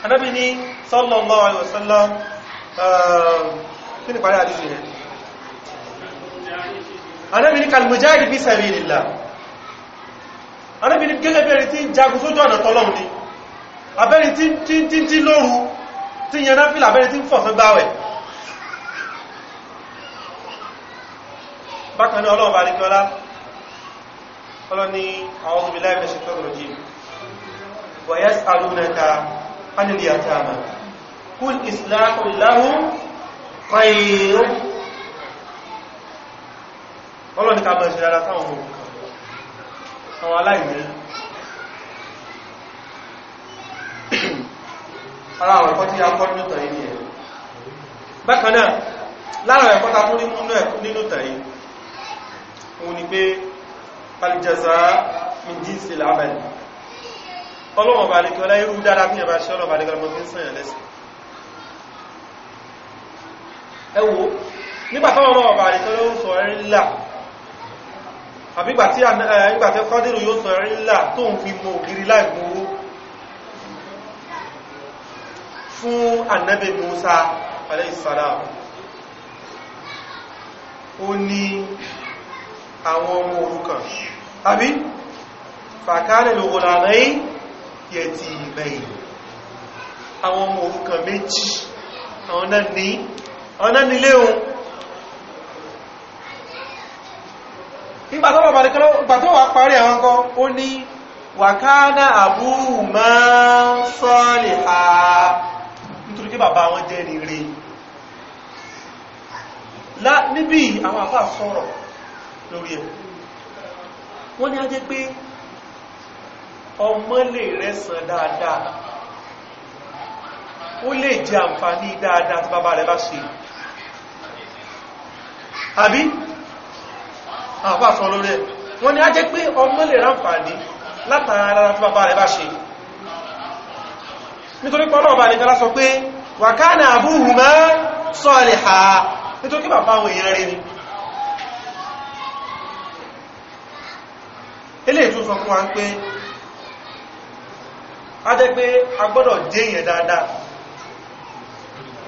anábi ni sallallahu alaihi wasallam kí ni parí àdíjì gẹ́gẹ́ bẹ́ẹ̀rẹ̀ tí ń jagun sójú ọ̀nà tọ́lọ́run ni abẹ́rin tí ń tí lóru tí yẹn náà fílà abẹ́rin tí ń fọ̀sán gbáwẹ̀ bákan náà ọlọ́ọ̀bá ní kíọ́lá ọlọ́ni àwọn ọlọ́ni ká bẹ̀rẹ̀ sí dára táwọn ohun kan àwọn aláìní ara àwọn ẹ̀kọ́ tí a kọ́ nínú tàn yìí nìyẹn bákan náà lára ẹ̀kọ́ ta tún nínú tàn yìí òun ni pé alìjẹsà min jíǹsì lábẹ́lì ọlọ́wọ̀n bá lẹ́kọ́ láyé rú dára bí ẹ̀bá ṣe ọlọ́wọ̀n bá lẹ́kọ́ lọ́mọ́ sẹ́yàn lẹ́sìn ẹwò nígbàtọ́wọ́ ọlọ́wọ̀n bá lẹ́kọ́ yóò sọ ẹ̀rí ńlá tó ń eh, fi mọ̀ ògiri láì gbòó fún annabi musa aleyhisselam ó ní àwọn ọmọ òrukàn àbí fàkálẹ̀ lòrò àrẹ́yìn yẹ̀tì ìbẹ̀yìn àwọn ọmọ òrukàn méjì àwọn náà ní àwọn náà nílé ohun ìgbàtọ́wà parí àwọn kan ó ní wàkánà àbúrù máa sọ́lẹ̀ àà pé bàbá wọn jẹ́ rere níbi àwọn àfà sọ̀rọ̀ lórí ẹ̀ wọ́n ní a jẹ́ pé ọmọ lè rẹ́sàn dáadáa ó lè jẹ àǹfààní dáadáa tí bàbá rẹ̀ bá ṣe àbí àfà sọ lórí ẹ̀ wọ́n ní a jẹ́ pé ọmọ lè ránfààní látara tí bàbá rẹ̀ bá ṣe nítorí pọ́lọ̀ ọba nìkan lásọ pé wà kánà àbúhùmá sọ́ọ̀lẹ̀há nítorí kí bàbá àwọn èèyàn ni ilé ìtún sọ fún wa ń pé a jẹ́ pé a gbọ́dọ̀ jẹ́ èèyàn dáadáa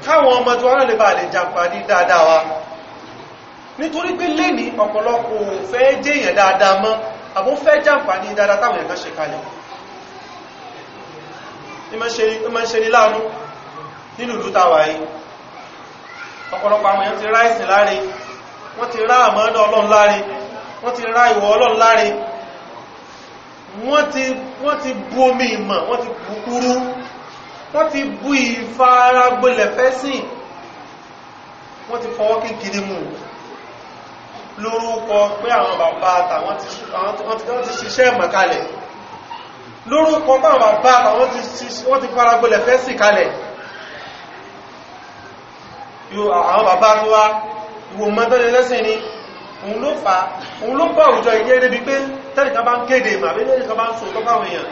káwọn ọmọ tó wọ́n lè bá lè jàpá ní dáadáa wa nítorí pé lẹ́ni ọ̀pọ̀lọpọ̀ fẹ́ jẹ́ èèyàn dáadáa mọ́ àbó fẹ́ jàpá ní dáadáa táwọn èèyàn ṣe kalẹ̀ nínú ìlú tàwà yìí ọ̀pọ̀lọpọ̀ àwọn èèyàn ti rá ìsìn láre wọ́n ti rá àmọ́dá ọlọ́run láre wọ́n ti rá ìwọ̀ ọlọ́run láre wọ́n ti bu omi ìmọ̀ wọ́n ti bu kúrú wọ́n ti bu ìfaragbolẹ̀ fẹ́sìn wọ́n ti fọwọ́ kékeré mú lórúkọ pé àwọn bàbá àtàwọn ti ṣiṣẹ́ ìmọ̀ lórúkọ pé àwọn bàbá àtàwọn ti faragbọ́lẹ̀ fẹ́ kalẹ̀ àwọn bàbá tó wá ìwò mọ́tọ́lẹ̀ lẹ́sìn ni òun ló fà òun ló bá òjò ìjẹ́ débi pé tẹ́lìkan bá ń kéde mà bí tẹ́lìkan bá ń so tó báwọn èèyàn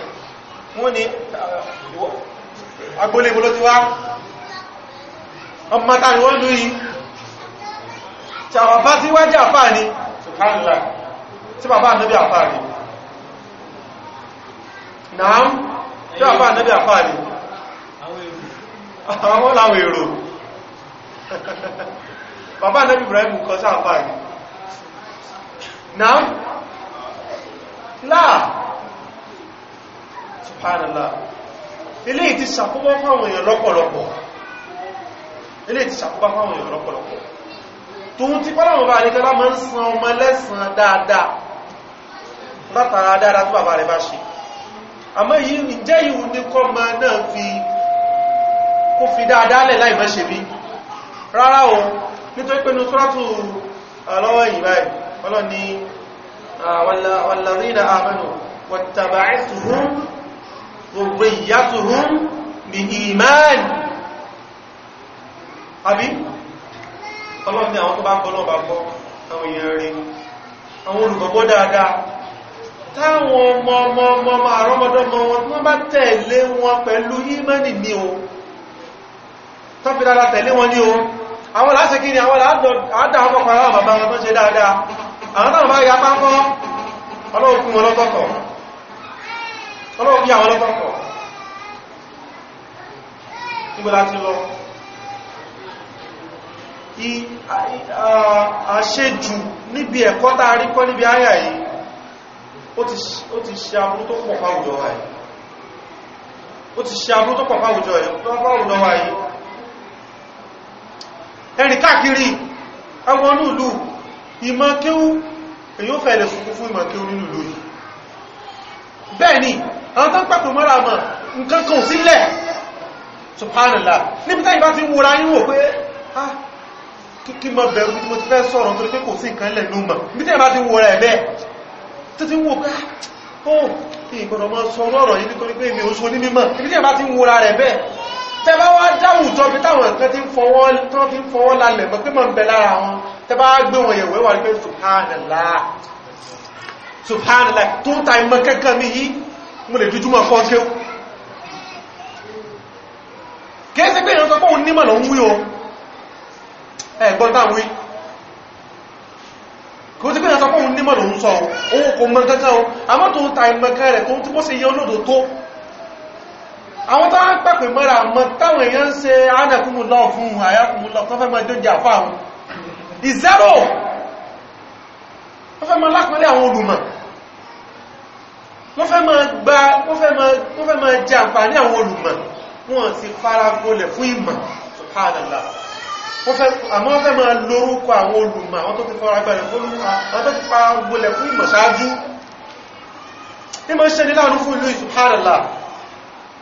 wọ́n ni agbolé ìbò ló ti wá ọmọ mata ni wọ́n lú yìí tí àwọn bá ti wájá àfà ni tí bàbá ànábì àfà ni náà tí bàbá ànábì àfà ni àwọn bàbá nẹ́bí Ibrahim kọ sáàpá rẹ̀ náà láà subhanallah ilé ìtì sàkóbá fáwọn èèyàn lọ́pọ̀lọpọ̀ ilé ìtì sàkóbá fáwọn èèyàn lọ́pọ̀lọpọ̀ tóun ti pálàwọn bá nìkan láàmà ń san ọmọ lẹ́sàn dáadáa látara dáadáa tó bàbá rẹ̀ bá ṣe àmọ́ yìí jẹ́ ìhun ní rárá o nítorí pé nùsọ́rọ̀tù lọ́wọ́ yìí báyìí ọlọ́ni wàlàrí na àmànù wàtàbàáìtùhún ògbèyàtùhún bí ìmáàn àbí ọlọ́ni àwọn tó bá kọ́ náà bá kọ́ àwọn èèyàn rí àwọn olùgbọ́gbọ́ dáadáa táwọn ọmọ ọmọ àwọn láti kí ni àwọn àádáwọn pọ̀pọ̀ àwọn bàbá wọn tó ṣe dáadáa àwọn náà bá ya pápọ́ ọlọ́ọ̀kún wọn lọ́kọ̀ọ̀kọ̀ ọlọ́ọ̀kún àwọn lọ́kọ̀ọ̀kọ̀ níbo láti lọ níbi ẹ̀kọ́ tá a níbi ayà yìí ó ti ṣe tó pọ̀ ẹ̀rìn káàkiri àwọn onúlù ìmọ̀kéwú èyí ó fẹ̀lẹ̀ fún fún ìmọ̀kéwú nínú ìlú yìí bẹ́ẹ̀ni àwọn tó ń pàpọ̀ mọ́ra mọ̀ nǹkan kan sílẹ̀ subhanallah níbi táyì bá ti ń wòrá yíwò pé ah, kí mọ bẹ̀rù bí mo ti fẹ́ sọ̀rọ̀ tó pé kò sí nǹkan lẹ̀ ló mọ̀ níbi táyì bá ti wòrá ẹ̀ bẹ́ẹ̀ tó ti ń wò pé ó ah, ìgbọ̀nà oh, mọ́ sọ ọ̀rọ̀ yìí nítorí pé èmi ò sọ ní mímọ̀ níbi táyì bá ti wòrá rẹ̀ bẹ́ẹ̀ tẹbá wá dáwùjọ bí táwọn nǹkan tí ń fọwọ́ lálẹ̀ mọ́ pé mọ́ ń bẹ lára wọn tẹbá gbé wọn yẹ̀wẹ́ wà pé subhanallah subhanallah tó ń ta ìmọ̀ kankan mi yìí mo lè dúdú mọ́ fọ́nkẹ́ kẹ́ẹ́sẹ́ pé ìrántọ́ pọ̀ nímọ̀ lọ ń wí o ẹ̀gbọ́n táwọn wí kò tí pé ìrántọ́ pọ̀ àwọn tó ń pẹ̀pẹ̀ mọ́ra mọ́ táwọn èèyàn ń ṣe ánàkúnmùlọ́ fún àyàkúnmùlọ́ tó fẹ́ mọ́ ìdójà fáwọn ìzẹ́rò wọ́n fẹ́ mọ́ lápẹ́lẹ́ àwọn olùmọ̀ wọ́n fẹ́ mọ́ gba wọ́n fẹ́ mọ́ jẹ àǹfààní àwọn olùmọ̀ wọ́n sì fara gbolẹ̀ fún ìmọ̀ subhanallah àmọ́ wọ́n fẹ́ mọ́ lórúkọ àwọn olùmọ̀ àwọn tó ti fara gbolẹ̀ fún ìmọ̀ ṣáájú ní mọ́ ṣe níláàánú fún ìlú subhanallah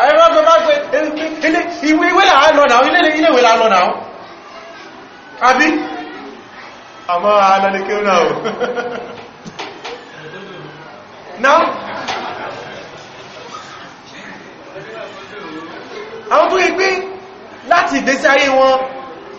àwọn ọgbẹ́ bá gbé eh, ìwé ìwé làá lọ náà ilé ìwé làá lọ náà àbí àmọ́ alẹ́lẹ́kẹ́ náà o náà àwọn tó yí pé láti ìgbésí ayé wọn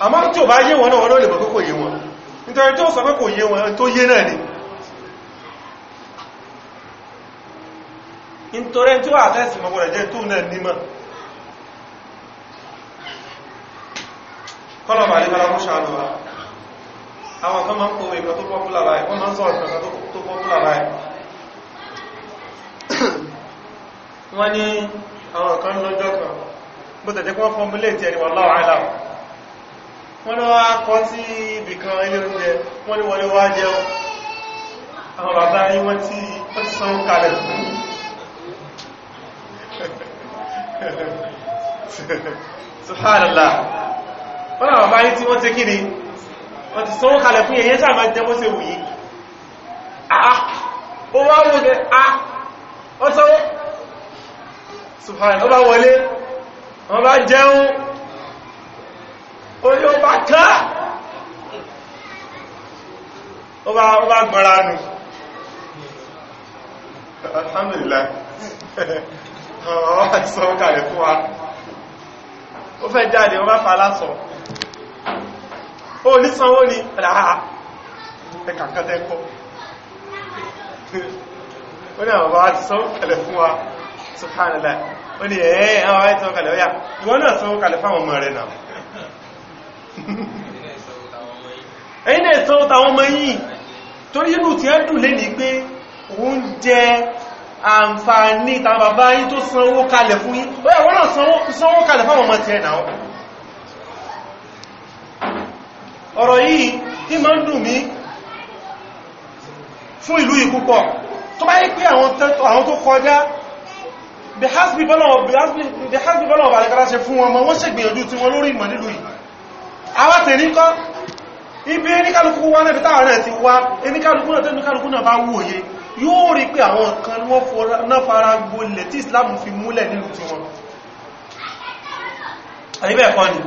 àmá tí ò bá yé wọn náà wọ́n lè mọ̀ yé wọn nítorí tí ó sọ pé kò yé wọn tó yé náà ni nítorí tí ó àtẹ́sì mọ̀ gbọ́dọ̀ jẹ́ tó náà nímọ̀ kọ́lọ̀bà àdébára mú ṣàánú àwọn kan máa ń kòwé ìkan tó pọ́pùlà báyìí wọ́n máa ń sọ̀rọ̀ ìkan tó pọ́pùlà báyìí wọ́n ní àwọn kan lọ́jọ́ kan bó tẹ̀jẹ́ kí wọ́n ti ẹni wà láwàá wọ́n lọ wá kọ́ sí ibìkan ilé oúnjẹ wọ́n ní wọlé wá jẹun àwọn bàbá yí wọ́n tí ó ti sán kalẹ̀ fún Subhanallah wọ́n àwọn bàbá yí tí wọ́n ti kí ni wọ́n ti sán kalẹ̀ fún èyẹ́ sàmà jẹ́ bó ṣe wù yí àá ó Subhanallah wọlé wọ́n bá jẹun orí ó bá ká ó bá gbọ́ra nù alhamdulillah ọ̀rọ̀ àti sọ kàrẹ fún wa ó fẹ́ jáde wọ́n bá fa lásọ̀ ó ní sanwó ní ràá ẹkàkọ́tẹ́kọ́ ó ní àwọn àti sọ kàrẹ fún wa subhanallah ó ní ẹ̀ẹ́ àwọn àti sọ kàrẹ ó yá ìwọ́n náà sọ kàrẹ fáwọn ọmọ rẹ̀ náà ẹ̀yìn náà sọ tàwọn ọmọ yìí torí inú ti ẹ́ dùn lé ní pé oúnjẹ àǹfààní tàbí bàbá yìí tó sanwó kalẹ̀ fún yín ó yẹ wọ́n náà sanwó kalẹ̀ fáwọn ọmọ tiẹ̀ náà ọ̀rọ̀ yìí tí máa ń dùn mí fún ìlú yìí bí bọ́lọ̀ ọ̀bà ṣe fún ọmọ wọ́n ṣègbìyànjú tí wọ́n lórí ìmọ̀ nílùú yìí awátẹ̀ ibi ẹnikálukú wá náà fítàwà náà ti wá ẹnikálukú náà tẹ́nikálukú náà bá wòye yóò rí pé àwọn kan wọ́n náà fara gbolẹ̀ tí Islam fi múlẹ̀ nínú ti wọn àyíbẹ̀ ẹ̀kọ́ ni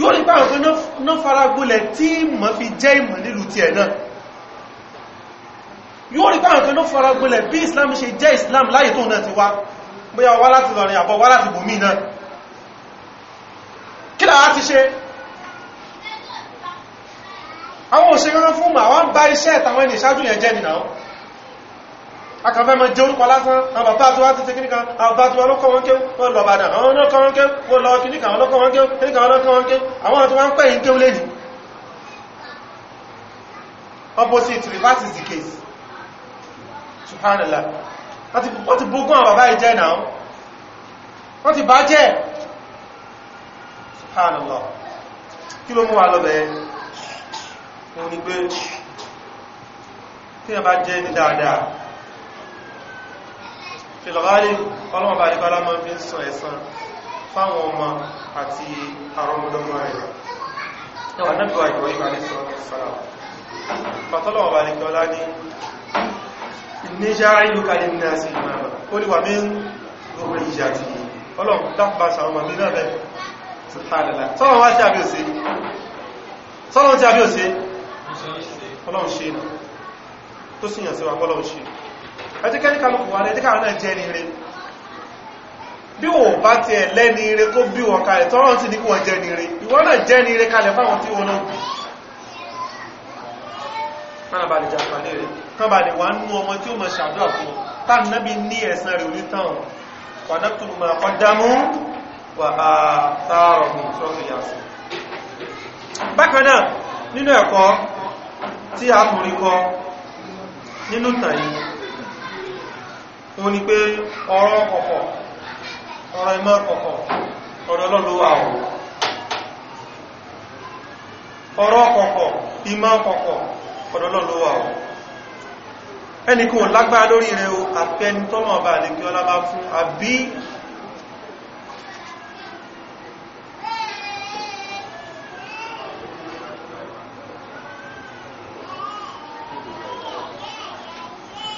yóò rí pé àwọn kan náà fara gbolẹ̀ tí ìmọ̀ fi jẹ́ ìmọ̀ nílùú ti ẹ̀ náà yóò rí pé àwọn kan Islam ṣe jẹ́ Islam láyé tó náà ti wá bóyá wá láti lọrin àbọ̀ wá láti bòmí àwọn òṣèré rán fún ma wọ́n bá iṣẹ́ ìtàwọn ẹni ìṣáájú yẹn jẹ́ nìna ọ́ akànfẹ́ mọ́ jẹ́ orúkọ lásán àwọn bàbá àti wá ti ti kíníkan àwọn bàbá ọlọ́kọ̀ wọn ké wọ́n lọ bàdàn àwọn ọlọ́kọ̀ wọn ké wọ́n lọ kíníkan ọlọ́kọ̀ wọn ké kíníkan ọlọ́kọ̀ wọn ké àwọn àti wá ń pẹ̀yìn ké lè jù opposite reverse is the case subhanallah wọ́n ti bógún àwọn bàbá ìjẹ́ náà wọ́n ti bá jẹ́ subhanallah kí ló mú wa lọ bẹ̀ẹ́ òun ni pé tí wọ́n bá jẹ́ ní dáadáa fìlọ̀gáàlì ọlọ́mọ̀bá ìbára mọ́ fi ń sọ ẹ̀san fáwọn ọmọ àti àrọmọdọ́mọ rẹ̀ ẹwà náà bíwá ìwọ̀ ìbára sọ ẹ̀sára pàtọ́lọ̀mọ̀bá ní kí ọlá ní níṣà ìlúkàlì ní àti ìmọ̀ ó ní wà ní gbogbo ìjà ti ọlọ́mọ̀ dápàá sàrọmọ ní náà bẹ́ẹ̀ ọlọ́run ṣe tó sì yàn ọlọ́run ṣe ẹjíkẹ́ ní kálùkù wà lẹ́jíkà náà jẹ́ ní ire bí wọ́n bá ti ẹ̀ lẹ́ni ire kó bí wọn kalẹ̀ tọ́rọ̀ sí ní kí wọ́n jẹ́ ní ire ìwọ náà jẹ́ ní ire kalẹ̀ fáwọn tí wọn náà tí a mọ̀ rí kọ nínú tàyí o ni pé ọ̀rọ̀ kọ̀kọ̀ ọ̀rọ̀ ìmọ̀ kọ̀kọ̀ ọ̀rọ̀ lọ́lọ́wà ọ̀rọ̀ ọ̀rọ̀ kọ̀kọ̀ ìmọ̀ kọ̀kọ̀ ọ̀rọ̀ lọ́lọ́wà ọ̀rọ̀ ẹnìkan lágbára lórí rẹ̀ o àpẹni tọ́lọ̀ ọba àlèkí ọlá bá fún àbí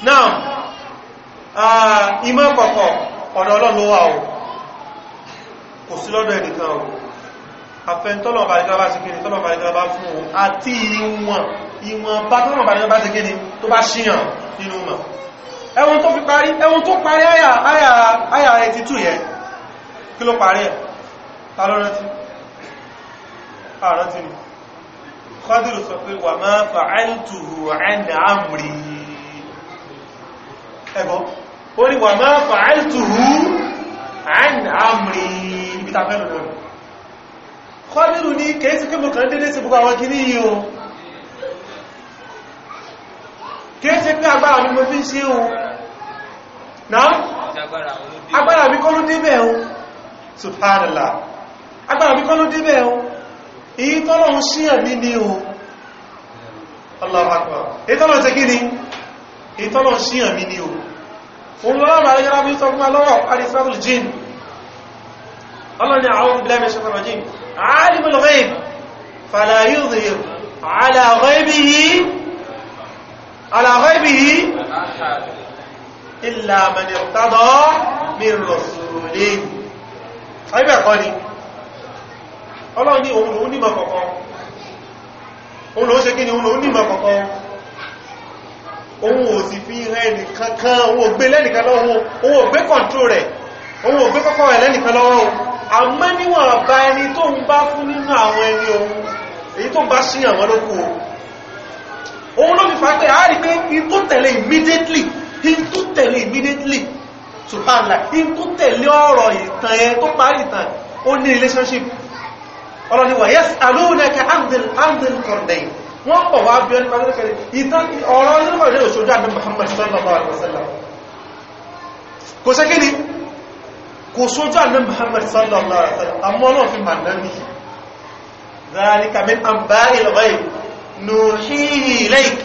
náà uh, ìmọ̀ kọ̀kọ̀ ọ̀dọ̀ ọlọ́run wà o kò sí lọ́dọ̀ ẹnìkan o afẹ́n tọ́lọ̀n bá nígbà bá ṣe kíni tọ́lọ̀n bá nígbà bá fún o àti ìwọ̀n ìwọ̀n bá tọ́lọ̀n bá nígbà bá ṣe kíni tó bá ṣíyàn nínú mọ̀ ẹwọ́n tó fi parí ẹwọ́n tó parí àyà àyà àyà 82 yẹn kí ló parí ẹ̀ ẹgbọ́ ó ní wà máa fa'altuhu an amri ibi ta fẹ́ lọ́nà kọ́lẹ̀rù ní kèésì kí mọ̀ kàn dédé sí gbogbo àwọn kìí yíò kèésì pé agbára mi mo fi ń ṣe ohun náà agbára mi kọ́ ló débẹ̀ ohun subhanallah agbára mi kọ́ ló débẹ̀ ohun èyí tọ́lọ̀ ń ṣíyàn ní ní ohun Allahu Akbar èyí ń ṣe kí ni ń ṣíyàn ní ní ohun òun lọ́wọ́ bá yára bí sọ fún alọ́wọ́ aristotle jean ọlọ́ni àwọn blame ṣẹfẹ́rọ jean alimul ghaib fala yuzhir ala ghaibihi ala ghaibihi illa man irtada min rasulin ayíbẹ̀ kọ́ ni ọlọ́ni òun lòun nímọ̀ kọ̀kọ́ òun ò sì fi rẹ ẹnìkan kan òun ò gbé lẹ́nìkan lọ́wọ́ òun ò gbé kọ̀ǹtró rẹ̀ òun ò gbé kọ́kọ́ rẹ̀ lẹ́nìkan lọ́wọ́ àmọ́ níwọ̀n bá ẹni tó ń bá fún nínú àwọn ẹni òun èyí tó bá sí àwọn lókù o òun ló fi fà pé àárí pé in tẹ̀lé immediately in tó tẹ̀lé immediately subhanallah in tó tẹ̀lé ọ̀rọ̀ ìtàn ẹ tó parí ìtàn ó ní relationship ọlọ́ni wà yes alóhùn ẹ̀kẹ́ andil andil kọ̀ndẹ̀yìn wọ́n pọ̀ wá bí ẹni pàtàkì kẹrì ìtàn ọ̀rọ̀ inú pàtàkì òṣòjú àdán Muhammad sallallahu alaihi wasallam kò ṣe kí ni kò sójú àdán Muhammad sallallahu alaihi wasallam àmọ́ náà fi màá náà nìyí ذلك من أنباء الغيب نوحيه إليك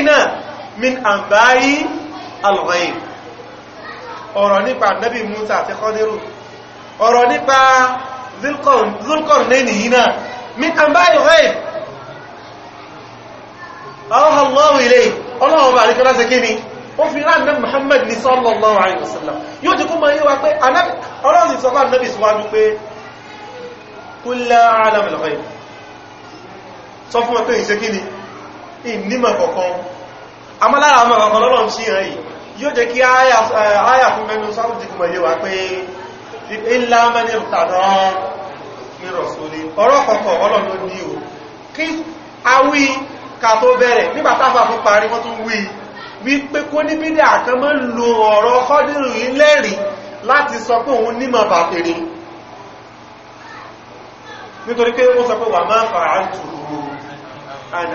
eléyìí náà min àǹbáyí al-ghaib ọ̀rọ̀ nípa nabi Musa àti Khadiru ọ̀rọ̀ nípa Dhul-Qarnayn nìyí náà min àǹbáyí al-ghaib ọ̀họ̀ lọ́wọ́ ilé ọlọ́wọ́ bá àríkọ́lá ṣe kí ni ó fi rán náà Muhammad ní sallallahu alaihi wasallam yóò jẹ́ kó mọ̀ yíwa pé ìnímọ̀ kọ̀kan amálára ọmọ kọ̀kan lọ́lọ́ sí ìran yìí yóò jẹ́ kí áyà eh, fún mẹ́nu sáàrùn ti kùmọ̀ yíò wá pé ńlá mẹ́ni tàdán mírọ̀ sólé ọ̀rọ̀ kọ̀kan ọlọ́nà ní o kí a wí ká tó bẹ̀rẹ̀ nígbà táfà fún parí wọ́n tún wí wí pé kó ní bídẹ̀ àkan mọ́ lo ọ̀rọ̀ kọ́dìrù ilẹ́rìí láti sọ pé òun nímọ̀ bàtẹ̀rẹ̀ nítorí pé ó sọ pé wà máa fà á tùrù àni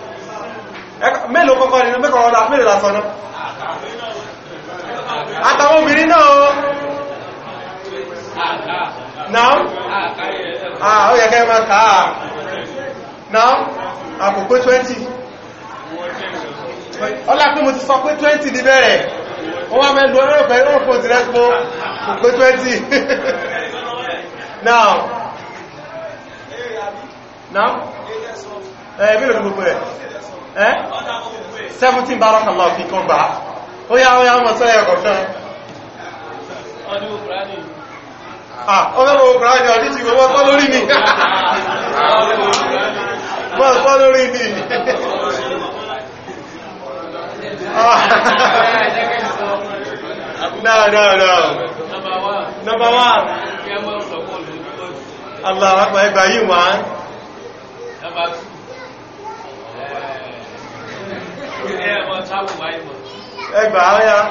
mélòó kọ́kọ́ nínú mẹ́kọ̀ọ́ la mélòó la sọ náà àtàwọn obìnrin náà o náà ah ó yẹ kẹ́ máa kà á náà àkókò 20 ọlá pé mo ti sọ pé 20 ní bẹ̀rẹ̀ ó wá mẹ́lú ọlọ́pẹ́ ọ̀pọ̀ ti rẹ́pọ̀ kò pé 20 náà náà ẹ̀ẹ́bí lónìí gbogbo rẹ̀ ẹ́ eh? 17 barakallahu fi kan gbà ó yá ó yá mọ̀ sọ́yẹ̀ ọ̀kọ̀kan ọlọ́wọ́ kùránì ọdí ti gbogbo ọkọ́ lórí ni mọ́ ọkọ́ lórí ni no no no number one Allah akpa ẹgbà yìí wọ́n number two ẹgbà áyá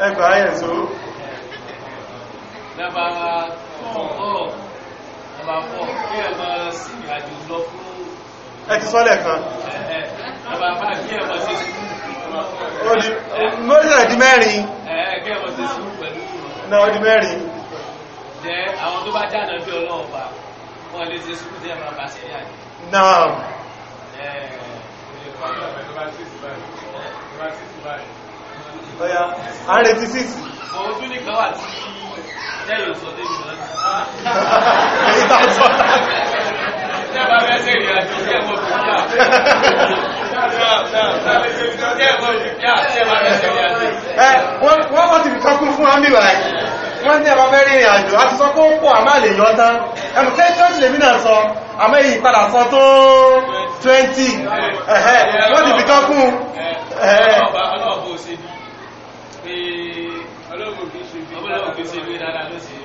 ẹgbà áyẹ̀ tó nàbà ọ̀rọ̀ nàbà fọ́ kí ẹ máa sí ìrìnàjò lọ fún ẹ ti sọ́lẹ̀ kan nàbà bá kí ẹ máa ṣe sùúrù mọ́sílẹ̀ di mẹ́rin kí ẹ máa ṣe sùúrù pẹ̀lú náà di mẹ́rin jẹ́ àwọn tó bá jáde bí ọlọ́ọ̀bà wọ́n lè ṣe sùúrù tí ẹ máa bá ṣe rí àjò náà ọ̀yá a retí síìsì ọ̀hún tún ní kọwàá tí jẹ́yọ̀ sọ débi náà èyí tàà sọ tàà tí a bá fẹ́ sí ìrìn àjò tí ẹ̀mọ́ fi yá wọ́n ti fi kọ́kún fún àmì wọ́n ní ẹ̀bá fẹ́ rìnrìn àjò a sọ kó pọ̀ àmá lè yọ tán ẹnu kẹ́ lè mínà sọ àmẹ́ yìí padà sọ tó 20 ẹ̀hẹ́ wọ́n ti bìkan kún ẹ̀hẹ́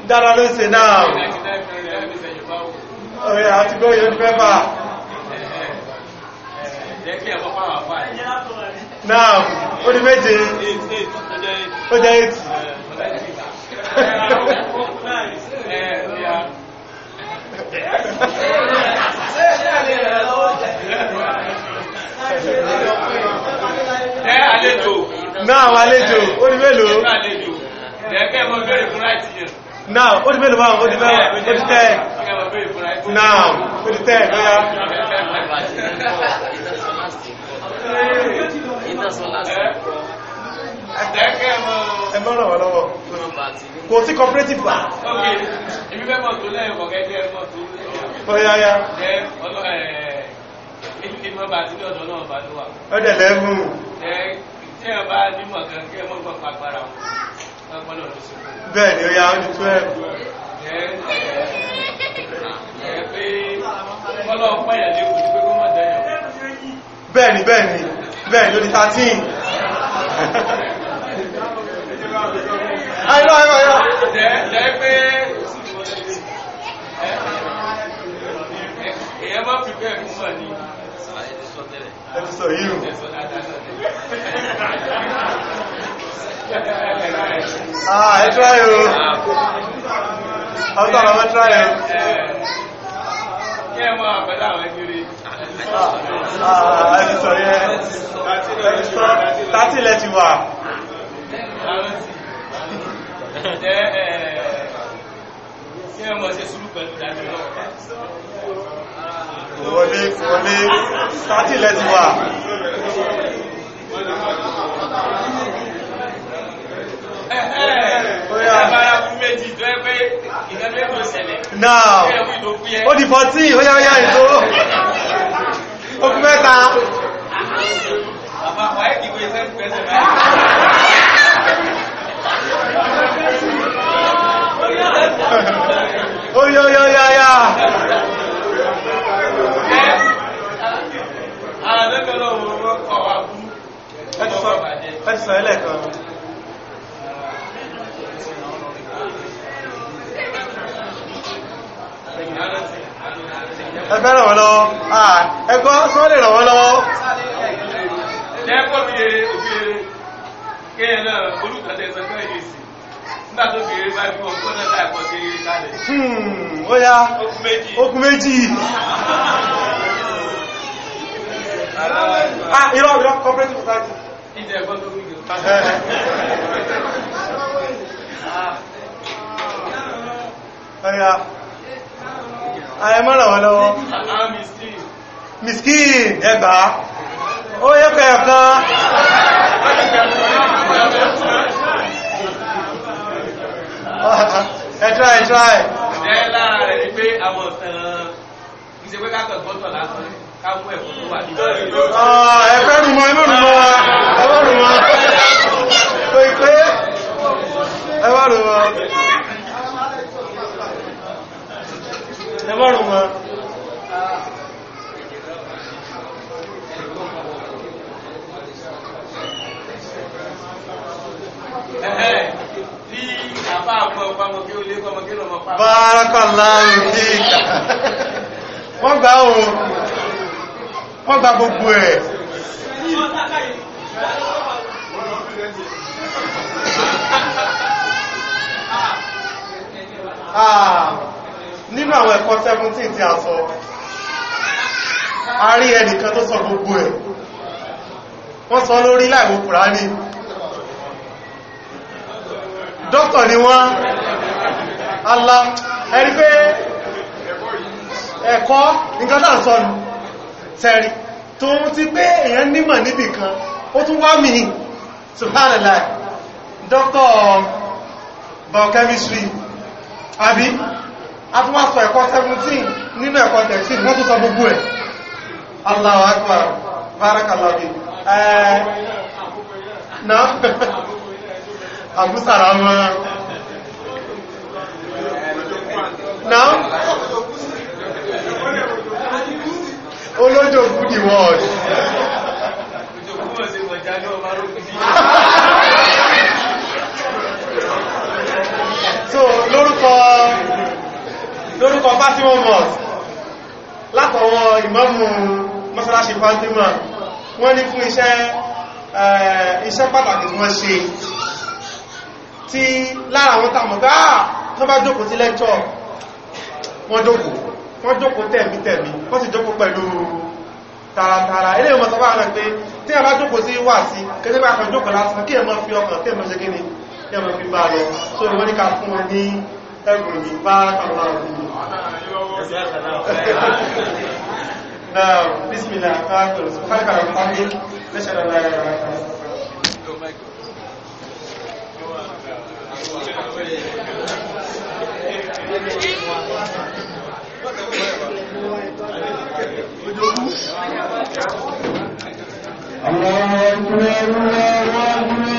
dára ló ṣe náà ọ̀rẹ́ àti gbọ́ yẹn fẹ́ bá náà ó náà wà lẹ́jọ ó ní mélòó náà ó ní mélòó báwọn ó ní mélòó ó ní tẹ́ náà ó ní tẹ́ lọ́yá ẹgbẹ́ ràn wọ́n lọ́wọ́ kò tí cooperative bá ok ibi fẹ́ mọ̀ tó lẹ́yìn ọ̀gẹ́ jẹ́ mọ̀ tó ọ̀yáyá tẹ́ ẹ bá nímọ̀ kan kí ẹ mọ́ gbọ́ pàgbára wọn lọ́pọ̀lọ́ ló ṣe fún un. bẹ́ẹ̀ ni ó yá ó ní tó ẹ̀. ẹ pé bẹ́ẹ̀ ni bẹ́ẹ̀ ni bẹ́ẹ̀ di thirteen. ayọ̀ ayọ̀ ayọ̀. jẹ́ pé fi bẹ́ẹ̀ fún wa ni. ẹ yìí o. Ah, I try o. Ọ̀tọ̀ àwọn try o. Kí ẹ mọ́ àpẹẹrẹ àwọn Ah, ẹ ti sọ yẹ. Ẹ ti sọ tátí lẹ ti wà. Kí ẹ mọ́ ṣe sùúrù pẹ̀lú dájú náà. Wọlé, wọlé, tátí lẹ ti wà now ó di fourteen ó yá ó yá ètò ó kú mẹ́ta. ẹ̀fẹ́ ràn wọ́n lọ́wọ́ ẹ̀kọ́ sọ́ lè ràn wọ́n lọ́wọ́ lẹ́kọ̀ọ́ mi lè òbí lè kéèyàn náà olùtàtẹ̀ ìsọ̀kọ́ ìdí sí nígbà tó fi eré bá bí wọn kọ́ náà láìpọ̀ sí eré hmm, ah irọ́ irọ́ cooperative society. ìjẹ́ ayẹ mọ́ràn wọn lọ́wọ́ miskin ẹgbà ó yẹ́kọ̀ ẹ̀kan ẹ̀tọ́ ẹ̀tọ́ ẹ̀ jẹ́ lára rẹ̀ ní pé àwọn ọ̀sán ìṣẹ́ pé kákọ̀ gbọ́tọ̀ lásán káwọn ẹ̀kọ́ tó wà nígbà ah, ẹ̀fẹ́ rùmọ́ inú rùmọ́ wa ẹ̀fẹ́ rùmọ́ ẹmọ́rùn wọn Wọ́n gbà ohun, wọ́n gbà gbogbo ẹ̀. Ah! nínú àwọn ẹ̀kọ́ 17 tí a sọ a rí ẹnìkan tó sọ gbogbo ẹ̀ wọ́n sọ lórí láìwò kùránì dókítà ni wọ́n alá ẹni pé ẹ̀kọ́ nǹkan náà sọ nù tẹ́rí tó ń ti pé èèyàn nímọ̀ níbì kan ó tún wá mi subhanallah dókítà biochemistry àbí a tún wá sọ ẹ̀kọ́ 17 nínú ẹ̀kọ́ 13 wọ́n tún sọ gbogbo ẹ̀ Allahu Akbar barakallahu bi ẹ̀ na àbúsàrà mọ́ na olójò gúdì wọ́ọ̀dì lórúkọ Fatima mosque látọwọ́ ìmámù mọ́sálásí Fatima wọ́n ní fún iṣẹ́ eh, iṣẹ́ pàtàkì wọ́n ṣe tí lára wọn tàmọ̀ gáà ah! tó bá jókòó sí lẹ́kṣọ́ wọ́n jókòó wọ́n jókòó tẹ̀mí tẹ̀mí wọ́n sì jókòó pẹ̀lú tààràtààrà ilé ìmọ̀ sọ́bá rẹ̀ pé tí a bá jókòó sí wà sí kẹtẹ́gbà kan jókòó lásán kí ẹ mọ́ fi ọkàn tẹ́mọ̀ ṣe kí ni ẹ mọ́ fi bá lọ so ìwọ́n ní ká fún wọn Now, bismillah, thank you. Thank you. Thank the light.